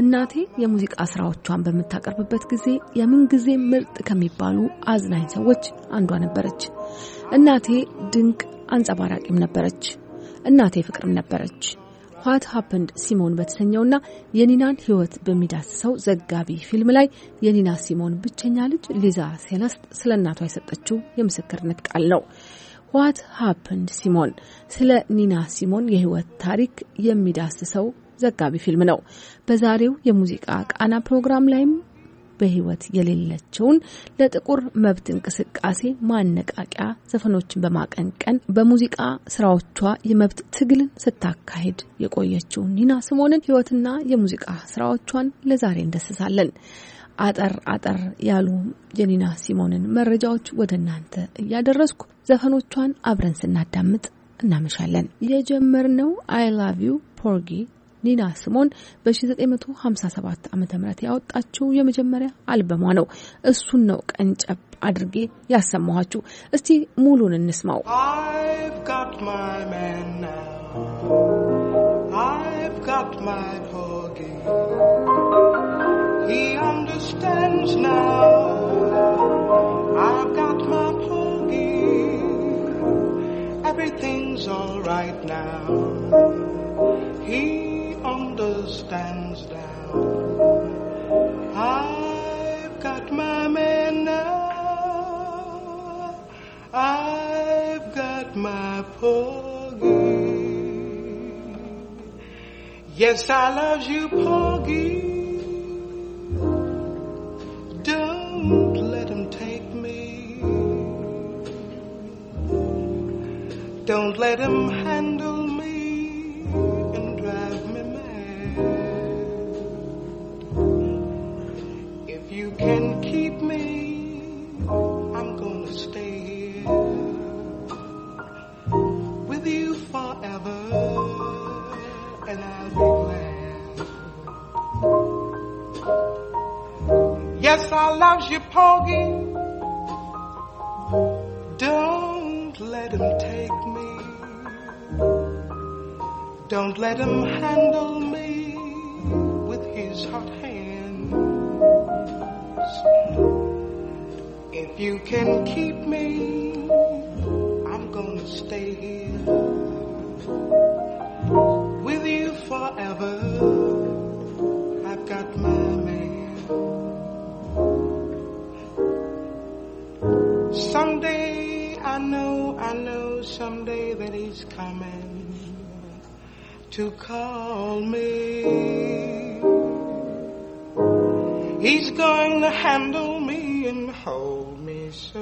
እናቴ የሙዚቃ ስራዎቿን በምታቀርብበት ጊዜ የምንጊዜ ምርጥ ከሚባሉ አዝናኝ ሰዎች አንዷ ነበረች። እናቴ ድንቅ አንጸባራቂም ነበረች። እናቴ ፍቅርም ነበረች። ዋት ሀፕንድ ሲሞን በተሰኘውና የኒናን ሕይወት በሚዳስሰው ዘጋቢ ፊልም ላይ የኒና ሲሞን ብቸኛ ልጅ ሊዛ ሴለስት ስለ እናቷ የሰጠችው የምስክርነት ቃል ነው። ዋት ሀፕንድ ሲሞን ስለ ኒና ሲሞን የህይወት ታሪክ የሚዳስሰው ዘጋቢ ፊልም ነው። በዛሬው የሙዚቃ ቃና ፕሮግራም ላይም በህይወት የሌለችውን ለጥቁር መብት እንቅስቃሴ ማነቃቂያ ዘፈኖችን በማቀንቀን በሙዚቃ ስራዎቿ የመብት ትግልን ስታካሄድ የቆየችው ኒና ሲሞንን ህይወትና የሙዚቃ ስራዎቿን ለዛሬ እንደስሳለን። አጠር አጠር ያሉ ጀኒና ሲሞንን መረጃዎች ወደ እናንተ እያደረስኩ ዘፈኖቿን አብረን ስናዳምጥ እናመሻለን። የጀመርነው አይ ላቭ ዩ ፖርጊ ኒና ሲሞን በ1957 ዓ ም ያወጣችው የመጀመሪያ አልበሟ ነው። እሱን ነው ቀንጨብ አድርጌ ያሰማኋችሁ። እስቲ ሙሉን እንስማው። I've got my He understands now. I've got my plug Everything's alright now. He understands now. I've got my man now. I've got my plug Yes, I love you, Poggy. Don't let him handle me and drive me mad. If you can keep me, I'm gonna stay here with you forever, and I'll be glad. Yes, I love you, Poggy. Don't let him handle me with his hot hands. If you can keep me, I'm gonna stay here with you forever. I've got my man. Someday I know, I know someday that he's coming to call me. He's going to handle me and hold me so.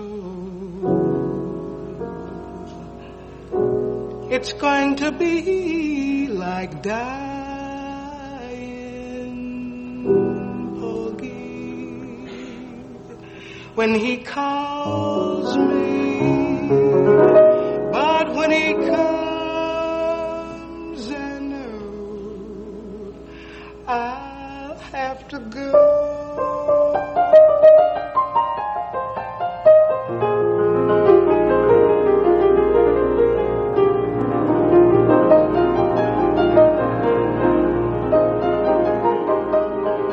It's going to be like dying Porgy when he calls me. to go.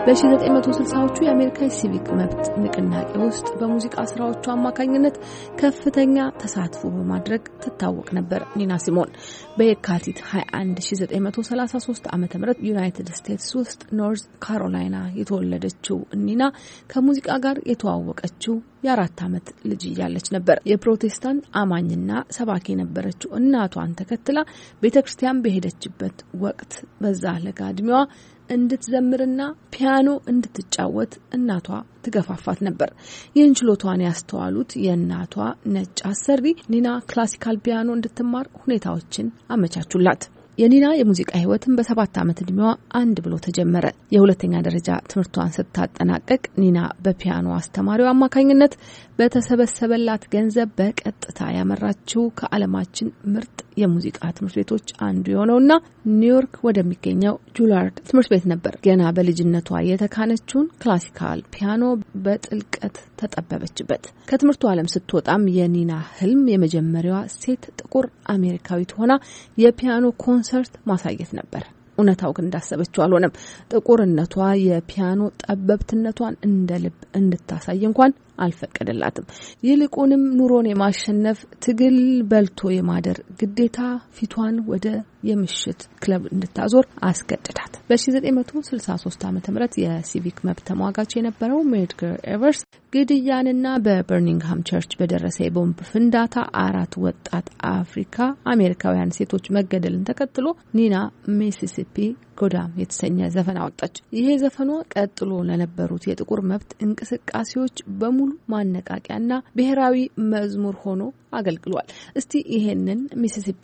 በ1960ዎቹ የአሜሪካ ሲቪክ መብት ንቅናቄ ውስጥ በሙዚቃ ስራዎቹ አማካኝነት ከፍተኛ ተሳትፎ በማድረግ ትታወቅ ነበር። ኒና ሲሞን በየካቲት 21 1933 ዓ ም ዩናይትድ ስቴትስ ውስጥ ኖርዝ ካሮላይና የተወለደችው ኒና ከሙዚቃ ጋር የተዋወቀችው የአራት ዓመት ልጅ እያለች ነበር። የፕሮቴስታንት አማኝና ሰባኪ የነበረችው እናቷን ተከትላ ቤተ ክርስቲያን በሄደችበት ወቅት በዛ ለጋ እድሜዋ እንድትዘምርና ፒያኖ እንድትጫወት እናቷ ትገፋፋት ነበር። ይህን ችሎቷን ያስተዋሉት የእናቷ ነጭ አሰሪ ኒና ክላሲካል ፒያኖ እንድትማር ሁኔታዎችን አመቻቹላት። የኒና የሙዚቃ ህይወትን በሰባት ዓመት እድሜዋ አንድ ብሎ ተጀመረ። የሁለተኛ ደረጃ ትምህርቷን ስታጠናቀቅ ኒና በፒያኖ አስተማሪው አማካኝነት በተሰበሰበላት ገንዘብ በቀጥታ ያመራችው ከዓለማችን ምርጥ የሙዚቃ ትምህርት ቤቶች አንዱ የሆነውና ኒውዮርክ ወደሚገኘው ጁላርድ ትምህርት ቤት ነበር። ገና በልጅነቷ የተካነችውን ክላሲካል ፒያኖ በጥልቀት ተጠበበችበት። ከትምህርቱ ዓለም ስትወጣም የኒና ህልም የመጀመሪያዋ ሴት ጥቁር አሜሪካዊት ሆና የፒያኖ ኮን ኮንሰርት ማሳየት ነበር እውነታው ግን እንዳሰበችው አልሆነም። ጥቁርነቷ የፒያኖ ጠበብትነቷን እንደ ልብ እንድታሳይ እንኳን አልፈቀደላትም። ይልቁንም ኑሮን የማሸነፍ ትግል በልቶ የማደር ግዴታ ፊቷን ወደ የምሽት ክለብ እንድታዞር አስገድዳት። በ1963 ዓ ም የሲቪክ መብት ተሟጋች የነበረው ሜድገር ኤቨርስ ግድያንና በበርሚንግሃም ቸርች በደረሰ የቦምብ ፍንዳታ አራት ወጣት አፍሪካ አሜሪካውያን ሴቶች መገደልን ተከትሎ ኒና ሚሲሲፒ ጎዳም የተሰኘ ዘፈን አወጣች። ይሄ ዘፈኑ ቀጥሎ ለነበሩት የጥቁር መብት እንቅስቃሴዎች በሙሉ ማነቃቂያና ብሔራዊ መዝሙር ሆኖ አገልግሏል። እስቲ ይሄንን ሚሲሲፒ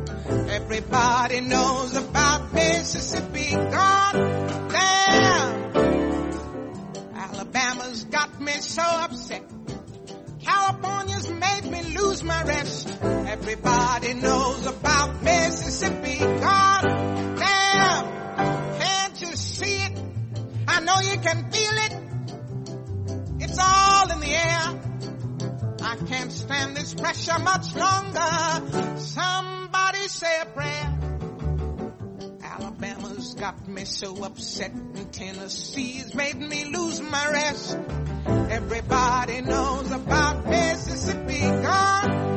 Everybody knows about Mississippi gone down. Alabama's got me so upset. California's made me lose my rest. Everybody knows about Mississippi gone down. Can't you see it? I know you can feel it. It's all in the air. I can't stand this pressure much longer. Somebody say a prayer. Alabama's got me so upset, and Tennessee's made me lose my rest. Everybody knows about Mississippi gone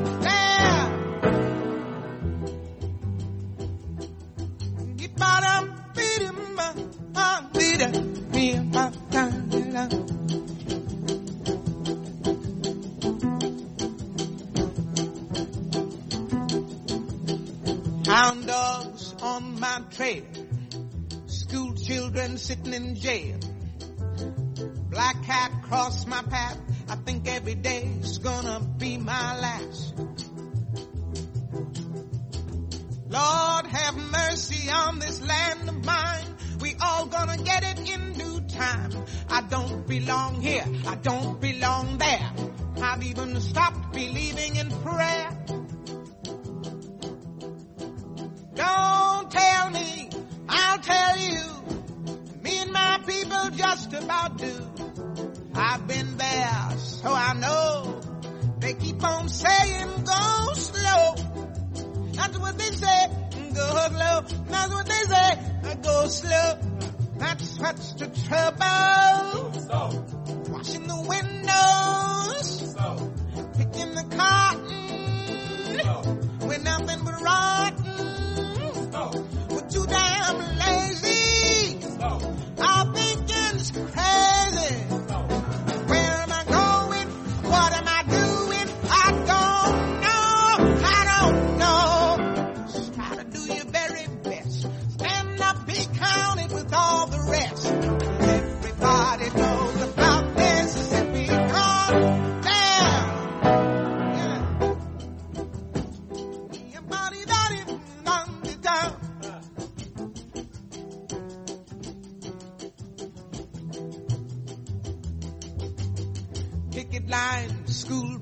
bottom, beat him, beat him, Hound dogs on my trail. School children sitting in jail. Black cat cross my path. I think every day's gonna be my last. Lord have mercy on this land of mine. We all gonna get it in due time. I don't belong here. I don't belong there. I've even stopped believing in prayer. Don't tell me, I'll tell you. Me and my people just about do. I've been there, so I know. They keep on saying go slow. That's what they say, go slow. That's what they say, go slow. That's what's the trouble. Washing the windows. Picking the cotton. So. nothing but rock you down.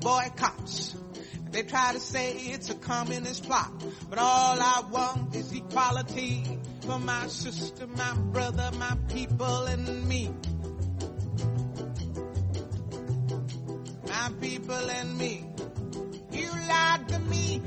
boycotts. They try to say it's a communist plot, but all I want is equality for my sister, my brother, my people, and me. My people and me. You lied to me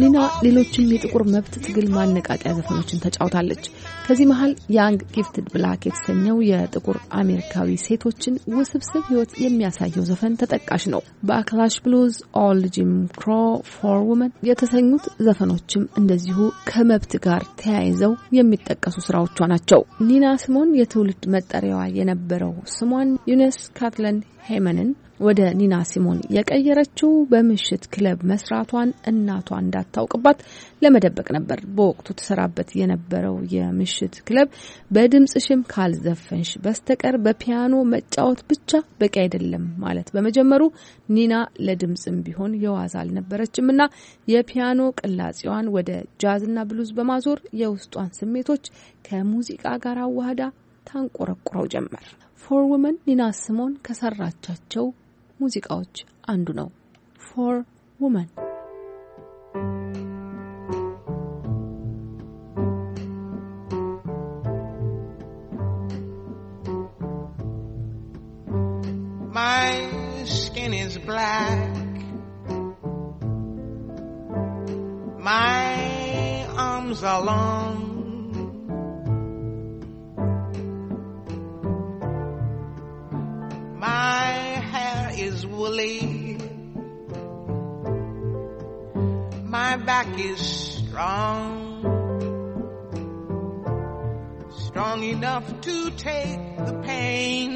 ሊና ሌሎችም የጥቁር መብት ትግል ማነቃቂያ ዘፈኖችን ተጫውታለች። ከዚህ መሀል ያንግ ጊፍትድ ብላክ የተሰኘው የጥቁር አሜሪካዊ ሴቶችን ውስብስብ ሕይወት የሚያሳየው ዘፈን ተጠቃሽ ነው። በአክላሽ ብሉዝ፣ ኦል ጂም ክሮ፣ ፎር ውመን የተሰኙት ዘፈኖችም እንደዚሁ ከመብት ጋር ተያይዘው የሚጠቀሱ ስራዎቿ ናቸው። ኒና ስሞን የትውልድ መጠሪያዋ የነበረው ስሟን ዩነስ ካትለን ሄመንን ወደ ኒና ሲሞን የቀየረችው በምሽት ክለብ መስራቷን እናቷ እንዳታውቅባት ለመደበቅ ነበር። በወቅቱ ተሰራበት የነበረው የምሽት ክለብ በድምፅሽም ካልዘፈንሽ በስተቀር በፒያኖ መጫወት ብቻ በቂ አይደለም ማለት በመጀመሩ ኒና ለድምፅም ቢሆን የዋዛ አልነበረችም እና የፒያኖ ቅላጼዋን ወደ ጃዝና ብሉዝ በማዞር የውስጧን ስሜቶች ከሙዚቃ ጋር አዋህዳ ታንቆረቁረው ጀመር። ፎር ውመን ኒና ሲሞን ከሰራቻቸው ሙዚቃዎች አንዱ ነው። ፎር ውመን My skin is black. My arms are long. My back is strong, strong enough to take the pain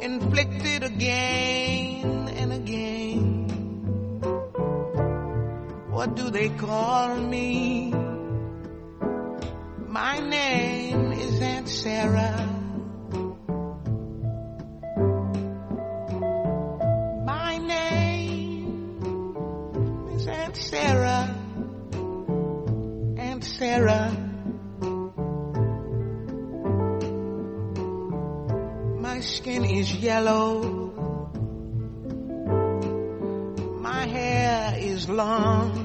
inflicted again and again. What do they call me? My name is Aunt Sarah. is yellow. My hair is long.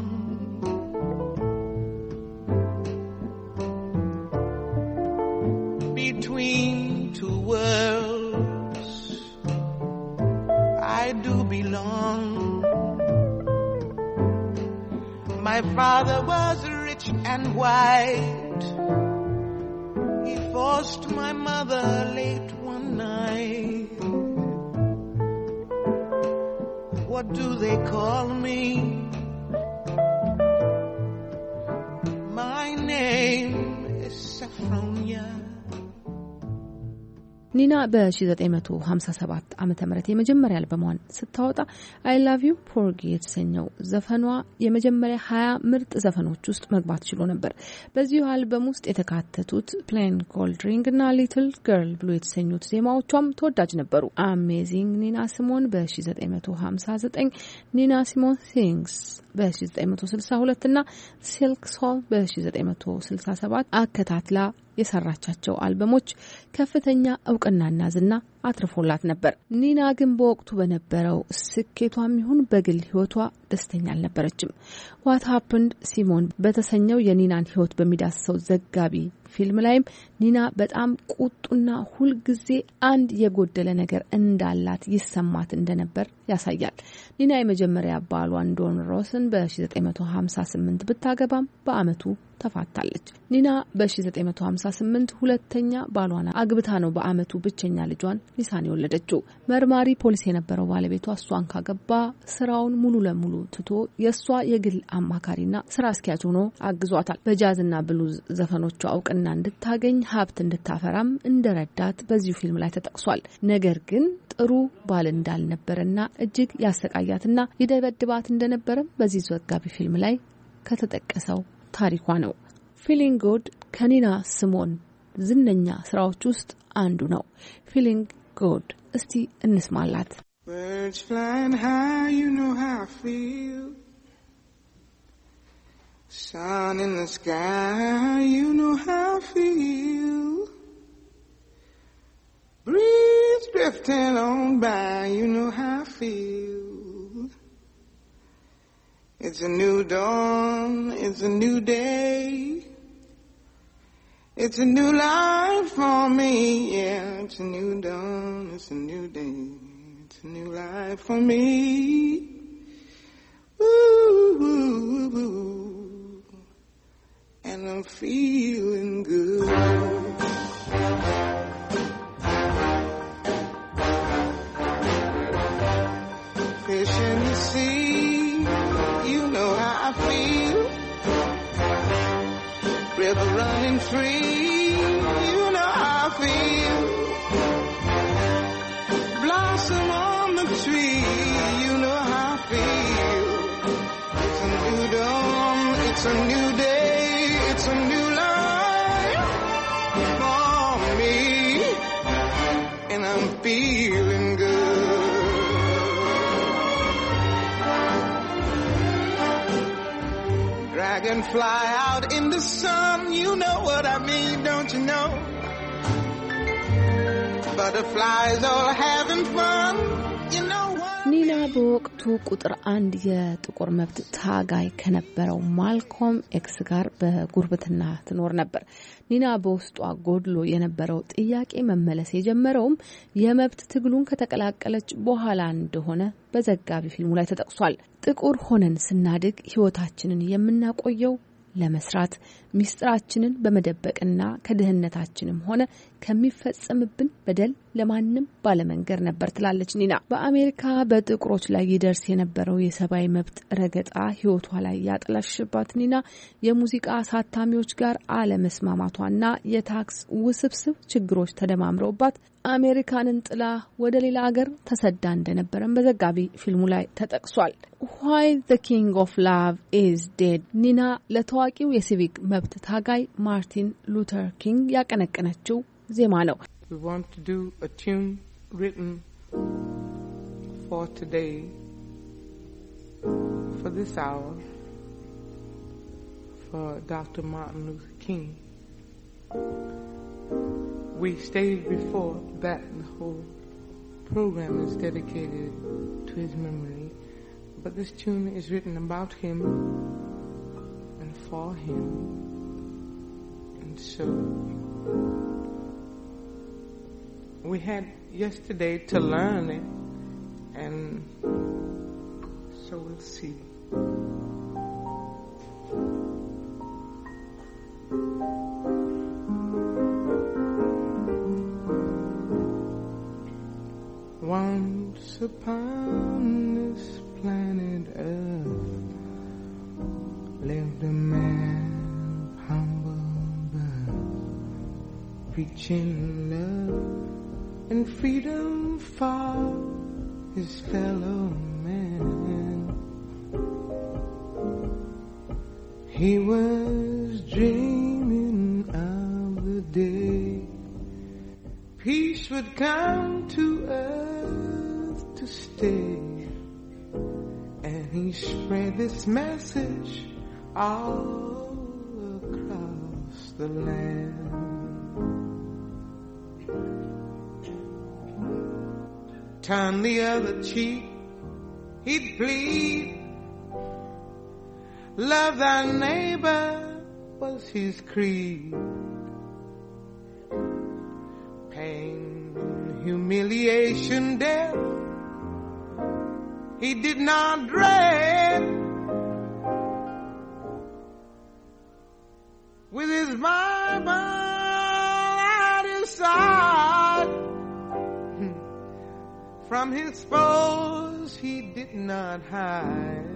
በ1957 ዓ ም የመጀመሪያ አልበሟን ስታወጣ አይ ላቭ ዩ ፖርጊ የተሰኘው ዘፈኗ የመጀመሪያ ሀያ ምርጥ ዘፈኖች ውስጥ መግባት ችሎ ነበር። በዚሁ አልበም ውስጥ የተካተቱት ፕላን ኮልድ ሪንግ እና ሊትል ገርል ብሎ የተሰኙት ዜማዎቿም ተወዳጅ ነበሩ። አሜዚንግ ኒና ሲሞን በ1959፣ ኒና ሲሞን ሲንግስ በ1962 እና ሲልክ ሶል በ1967 አከታትላ የሰራቻቸው አልበሞች ከፍተኛ እውቅናና ዝና አትርፎላት ነበር። ኒና ግን በወቅቱ በነበረው ስኬቷም ይሁን በግል ህይወቷ ደስተኛ አልነበረችም። ዋት ሀፕንድ ሲሞን በተሰኘው የኒናን ህይወት በሚዳስሰው ዘጋቢ ፊልም ላይም ኒና በጣም ቁጡና ሁልጊዜ አንድ የጎደለ ነገር እንዳላት ይሰማት እንደነበር ያሳያል። ኒና የመጀመሪያ ባሏን ዶን ሮስን በ1958 ብታገባም በአመቱ ተፋታለች። ኒና በ1958 ሁለተኛ ባሏን አግብታ ነው በአመቱ ብቸኛ ልጇን ሊሳን የወለደችው። መርማሪ ፖሊስ የነበረው ባለቤቷ እሷን ካገባ ስራውን ሙሉ ለሙሉ ትቶ የእሷ የግል አማካሪና ስራ አስኪያጅ ሆኖ አግዟታል። በጃዝና ብሉዝ ዘፈኖቿ እውቅና እንድታገኝ ሀብት እንድታፈራም እንደረዳት በዚሁ ፊልም ላይ ተጠቅሷል። ነገር ግን ጥሩ ባል እንዳልነበረና እጅግ ያሰቃያትና ይደበድባት እንደነበረም በዚህ ዘጋቢ ፊልም ላይ ከተጠቀሰው ታሪኳ ነው። ፊሊንግ ጉድ ከኒና ስሞን ዝነኛ ስራዎች ውስጥ አንዱ ነው። ፊሊንግ ጉድ እስቲ እንስማላት። Birds flying high, you know how I feel. Sun in the sky, you know how I feel. Breeze drifting on by, you know how I feel. It's a new dawn, it's a new day. It's a new life for me, yeah. It's a new dawn, it's a new day. It's a new life for me. Ooh, ooh, ooh, and I'm feeling good. running free. You know how I feel. Blossom on the tree. You know how I feel. It's a new dawn. It's a new day. It's a new life. fly out in the sun. You know what I mean, don't you know? Butterflies all having fun. You know what? Nina Book በወቅቱ ቁጥር አንድ የጥቁር መብት ታጋይ ከነበረው ማልኮም ኤክስ ጋር በጉርብትና ትኖር ነበር። ኒና በውስጧ ጎድሎ የነበረው ጥያቄ መመለስ የጀመረውም የመብት ትግሉን ከተቀላቀለች በኋላ እንደሆነ በዘጋቢ ፊልሙ ላይ ተጠቅሷል። ጥቁር ሆነን ስናድግ ሕይወታችንን የምናቆየው ለመስራት ሚስጥራችንን በመደበቅና ከድህነታችንም ሆነ ከሚፈጸምብን በደል ለማንም ባለመንገር ነበር ትላለች ኒና። በአሜሪካ በጥቁሮች ላይ ይደርስ የነበረው የሰብአዊ መብት ረገጣ ሕይወቷ ላይ ያጠላሽባት ኒና የሙዚቃ አሳታሚዎች ጋር አለመስማማቷና የታክስ ውስብስብ ችግሮች ተደማምረውባት አሜሪካንን ጥላ ወደ ሌላ ሀገር ተሰዳ እንደነበረም በዘጋቢ ፊልሙ ላይ ተጠቅሷል። ዋይ ዘ ኪንግ ኦፍ ላቭ ኢዝ ዴድ ኒና ለታዋቂው የሲቪክ መብት ታጋይ ማርቲን ሉተር ኪንግ ያቀነቀነችው We want to do a tune written For today, for for this hour, Dr. Martin Luther King. We stayed before that the whole program is dedicated to his memory, but this tune is written about him and for him, and so we had yesterday to learn it, and so we'll see. Once upon this planet Earth lived a man humble birth, preaching and freedom far his fellow men. He was dreaming of the day peace would come to earth to stay. And he spread this message all across the land. turn the other cheek, he'd plead. Love thy neighbor was his creed. Pain, humiliation, death, he did not dread. From his foes he did not hide.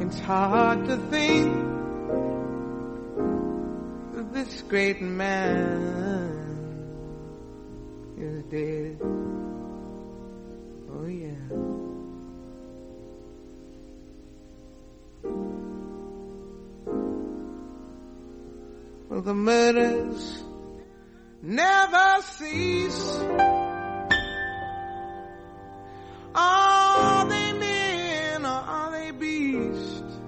It's hard to think that this great man is dead. Oh, yeah. the murders never cease. Are they men or are they beasts?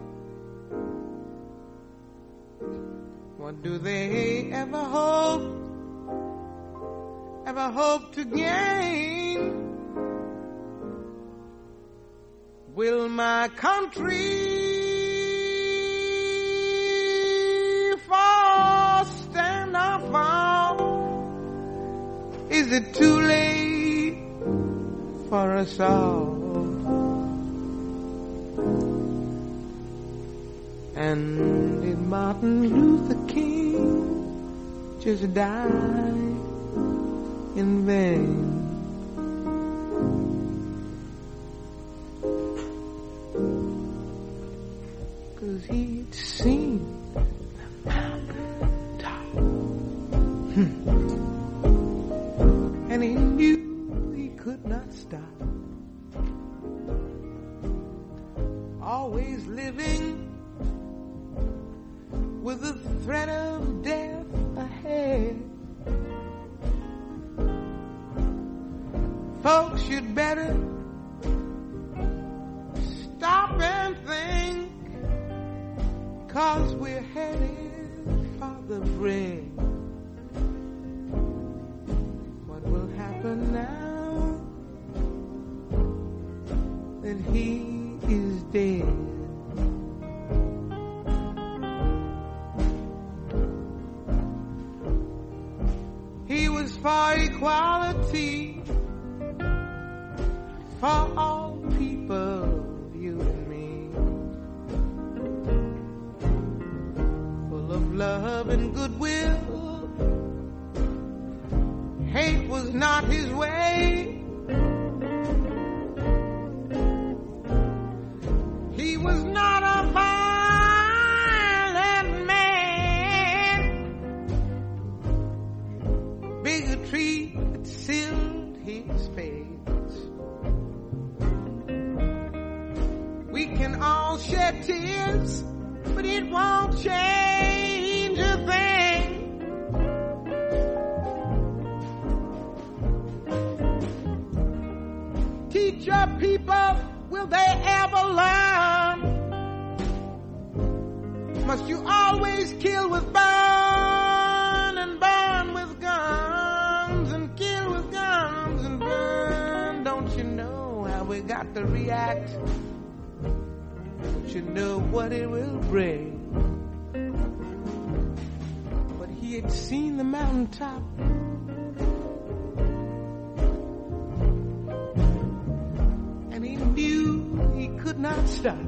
What do they ever hope? Ever hope to gain? Will my country Is it too late for us all? And did Martin Luther King just die in vain? for equality for all people, you and me. Full of love and goodwill, hate was not his way. tears, but it won't change a thing. Teach your people, will they ever learn? Must you always kill with burn and burn with guns and kill with guns and burn? Don't you know how we got to react? you know what it will bring. But he had seen the mountaintop. And he knew he could not stop.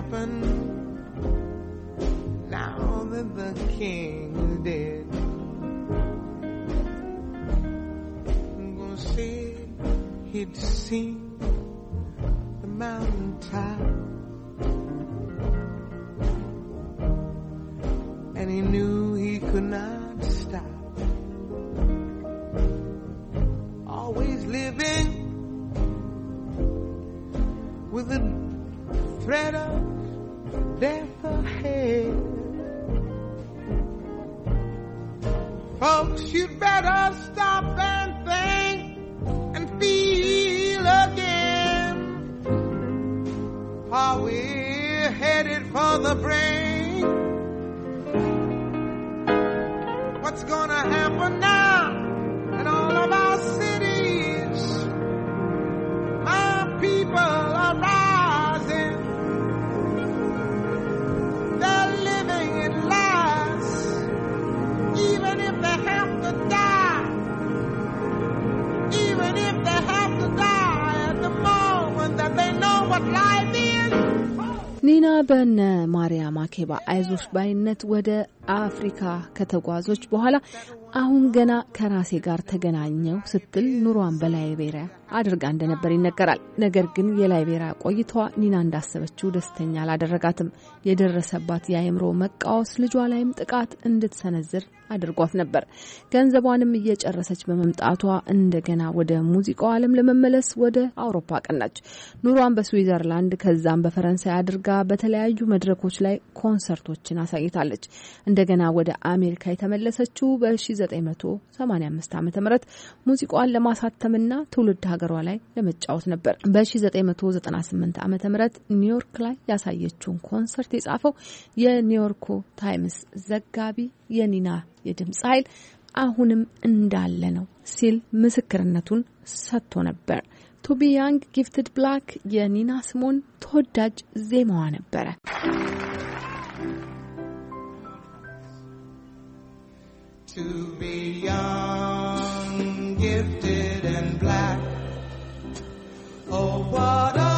happen now that the king is dead. gonna see he'd seen the mountain top, and he knew አኬባ አይዞሽ ባይነት ወደ አፍሪካ ከተጓዞች በኋላ አሁን ገና ከራሴ ጋር ተገናኘው ስትል ኑሯን በላይቤሪያ አድርጋ እንደነበር ይነገራል። ነገር ግን የላይቤሪያ ቆይታዋ ኒና እንዳሰበችው ደስተኛ አላደረጋትም። የደረሰባት የአእምሮ መቃወስ ልጇ ላይም ጥቃት እንድትሰነዝር አድርጓት ነበር። ገንዘቧንም እየጨረሰች በመምጣቷ እንደገና ወደ ሙዚቃው ዓለም ለመመለስ ወደ አውሮፓ ቀናች። ኑሯን በስዊዘርላንድ ከዛም በፈረንሳይ አድርጋ በተለያዩ መድረኮች ላይ ኮንሰርቶችን አሳይታለች። እንደገና ወደ አሜሪካ የተመለሰችው በ 1985 ዓ ም ሙዚቋን ለማሳተምና ትውልድ ሀገሯ ላይ ለመጫወት ነበር። በ1998 ዓ ም ኒውዮርክ ላይ ያሳየችውን ኮንሰርት የጻፈው የኒውዮርኩ ታይምስ ዘጋቢ የኒና የድምፅ ኃይል አሁንም እንዳለ ነው ሲል ምስክርነቱን ሰጥቶ ነበር። ቱቢ ያንግ ጊፍትድ ብላክ የኒና ስሞን ተወዳጅ ዜማዋ ነበረ። to be young, gifted, and black. Oh, what a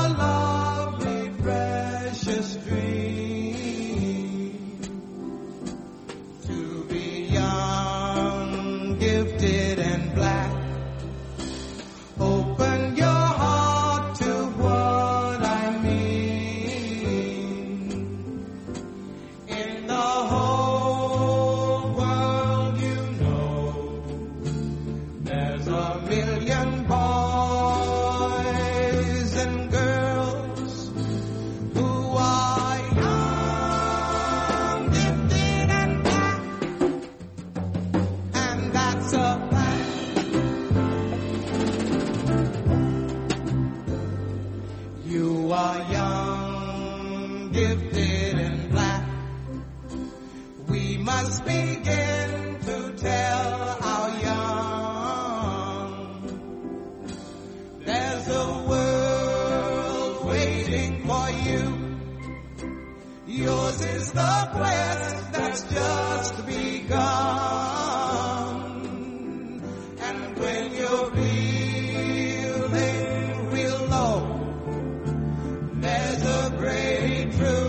There's a great truth.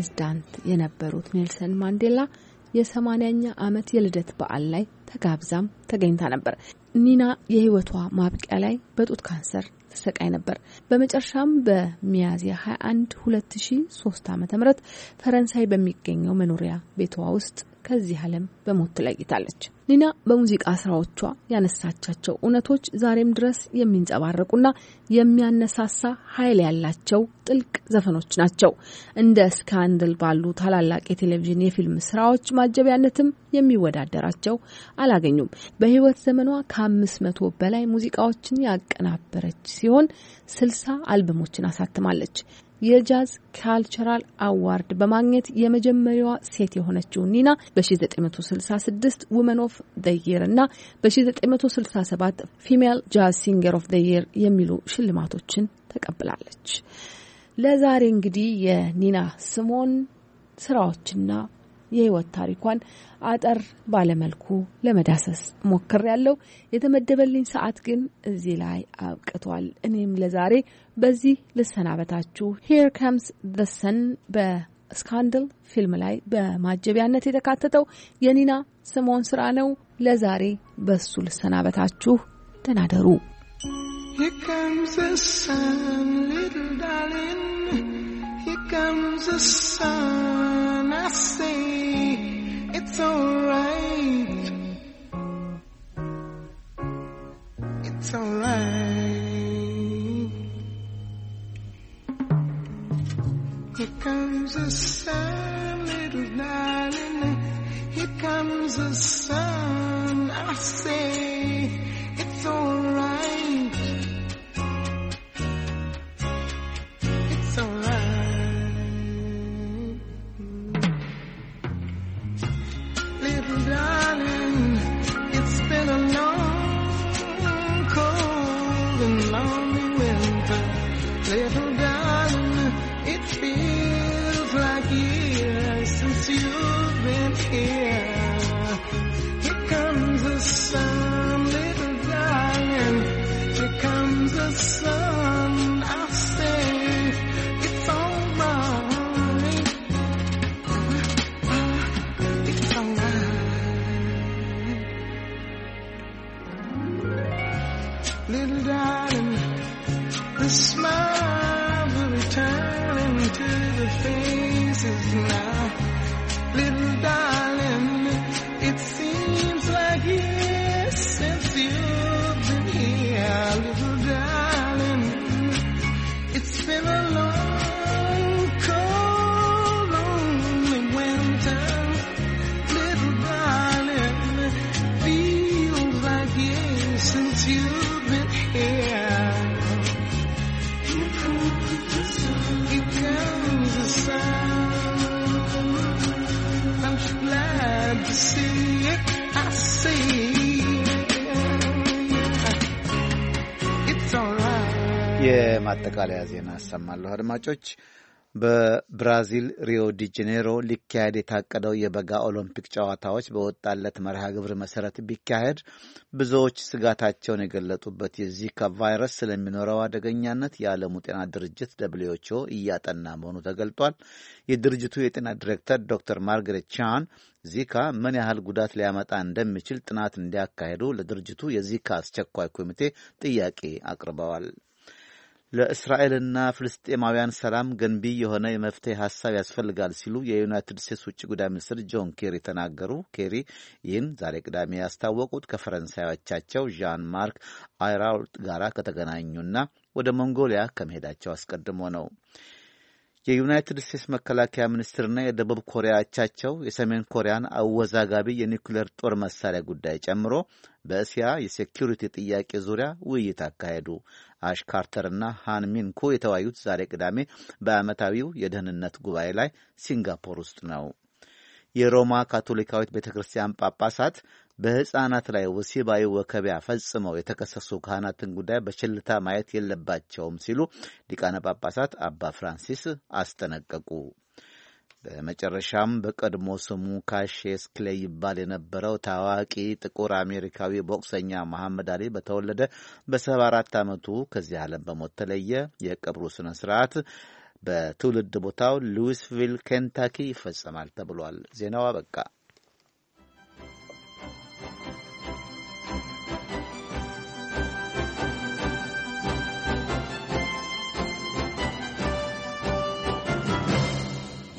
ፕሬዝዳንት የነበሩት ኔልሰን ማንዴላ የሰማንያኛ ዓመት የልደት በዓል ላይ ተጋብዛም ተገኝታ ነበር። ኒና የህይወቷ ማብቂያ ላይ በጡት ካንሰር ተሰቃይ ነበር። በመጨረሻም በሚያዝያ 21 2003 ዓ ም ፈረንሳይ በሚገኘው መኖሪያ ቤቷ ውስጥ ከዚህ ዓለም በሞት ትለይታለች። ኒና በሙዚቃ ስራዎቿ ያነሳቻቸው እውነቶች ዛሬም ድረስ የሚንጸባረቁና የሚያነሳሳ ኃይል ያላቸው ጥልቅ ዘፈኖች ናቸው። እንደ ስካንድል ባሉ ታላላቅ የቴሌቪዥን የፊልም ስራዎች ማጀቢያነትም የሚወዳደራቸው አላገኙም። በህይወት ዘመኗ ከአምስት መቶ በላይ ሙዚቃዎችን ያቀናበረች ሲሆን ስልሳ አልበሞችን አሳትማለች። የጃዝ ካልቸራል አዋርድ በማግኘት የመጀመሪያዋ ሴት የሆነችው ኒና በ1966 ውመን ኦፍ ዘ የር እና በ1967 ፊሜል ጃዝ ሲንገር ኦፍ ዘ የር የሚሉ ሽልማቶችን ተቀብላለች። ለዛሬ እንግዲህ የኒና ስሞን ስራዎችና የህይወት ታሪኳን አጠር ባለመልኩ ለመዳሰስ ሞክር ያለው የተመደበልኝ ሰዓት ግን እዚህ ላይ አብቅቷል። እኔም ለዛሬ በዚህ ልሰናበታችሁ። ሄር ከምስ ዘ ሰን በስካንድል ፊልም ላይ በማጀቢያነት የተካተተው የኒና ስሞን ስራ ነው። ለዛሬ በሱ ልሰናበታችሁ። ደህና Here comes the sun, little darling. comes the sun, I say it's alright. It's alright. Here comes the sun, little darling. Here comes the sun, I say it's alright. tonight. ማጠቃለያ ዜና አሰማለሁ። አድማጮች በብራዚል ሪዮ ዲ ጄኔሮ ሊካሄድ የታቀደው የበጋ ኦሎምፒክ ጨዋታዎች በወጣለት መርሃ ግብር መሰረት ቢካሄድ ብዙዎች ስጋታቸውን የገለጡበት የዚካ ቫይረስ ስለሚኖረው አደገኛነት የዓለሙ ጤና ድርጅት ደብሊውኤችኦ እያጠና መሆኑ ተገልጧል። የድርጅቱ የጤና ዲሬክተር ዶክተር ማርገሬት ቻን ዚካ ምን ያህል ጉዳት ሊያመጣ እንደሚችል ጥናት እንዲያካሄዱ ለድርጅቱ የዚካ አስቸኳይ ኮሚቴ ጥያቄ አቅርበዋል። ለእስራኤልና ፍልስጤማውያን ሰላም ገንቢ የሆነ የመፍትሄ ሀሳብ ያስፈልጋል ሲሉ የዩናይትድ ስቴትስ ውጭ ጉዳይ ሚኒስትር ጆን ኬሪ ተናገሩ። ኬሪ ይህን ዛሬ ቅዳሜ ያስታወቁት ከፈረንሳዮቻቸው ዣን ማርክ አይራውልት ጋር ከተገናኙና ወደ ሞንጎሊያ ከመሄዳቸው አስቀድሞ ነው። የዩናይትድ ስቴትስ መከላከያ ሚኒስትርና የደቡብ ኮሪያ አቻቸው የሰሜን ኮሪያን አወዛጋቢ የኒውክሌር ጦር መሳሪያ ጉዳይ ጨምሮ በእስያ የሴኪሪቲ ጥያቄ ዙሪያ ውይይት አካሄዱ። አሽ ካርተርና ሃን ሚንኩ የተወያዩት ዛሬ ቅዳሜ በዓመታዊው የደህንነት ጉባኤ ላይ ሲንጋፖር ውስጥ ነው። የሮማ ካቶሊካዊት ቤተ ክርስቲያን ጳጳሳት በሕፃናት ላይ ወሲባዊ ወከቢያ ፈጽመው የተከሰሱ ካህናትን ጉዳይ በችልታ ማየት የለባቸውም ሲሉ ሊቃነ ጳጳሳት አባ ፍራንሲስ አስጠነቀቁ። በመጨረሻም በቀድሞ ስሙ ካሼስ ክሌይ ይባል የነበረው ታዋቂ ጥቁር አሜሪካዊ ቦክሰኛ መሐመድ አሊ በተወለደ በሰባ አራት ዓመቱ ከዚህ ዓለም በሞት ተለየ። የቀብሩ ስነ ስርዓት በትውልድ ቦታው ሉዊስቪል ኬንታኪ ይፈጸማል ተብሏል። ዜናው አበቃ።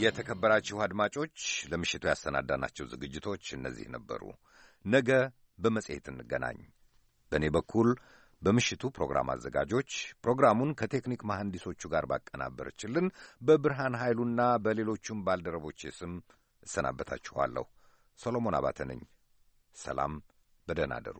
የተከበራችሁ አድማጮች ለምሽቱ ያሰናዳናቸው ዝግጅቶች እነዚህ ነበሩ። ነገ በመጽሔት እንገናኝ። በእኔ በኩል በምሽቱ ፕሮግራም አዘጋጆች ፕሮግራሙን ከቴክኒክ መሐንዲሶቹ ጋር ባቀናበረችልን በብርሃን ኃይሉና በሌሎቹም ባልደረቦቼ ስም እሰናበታችኋለሁ። ሰሎሞን አባተ ነኝ። ሰላም፣ በደህና አደሩ።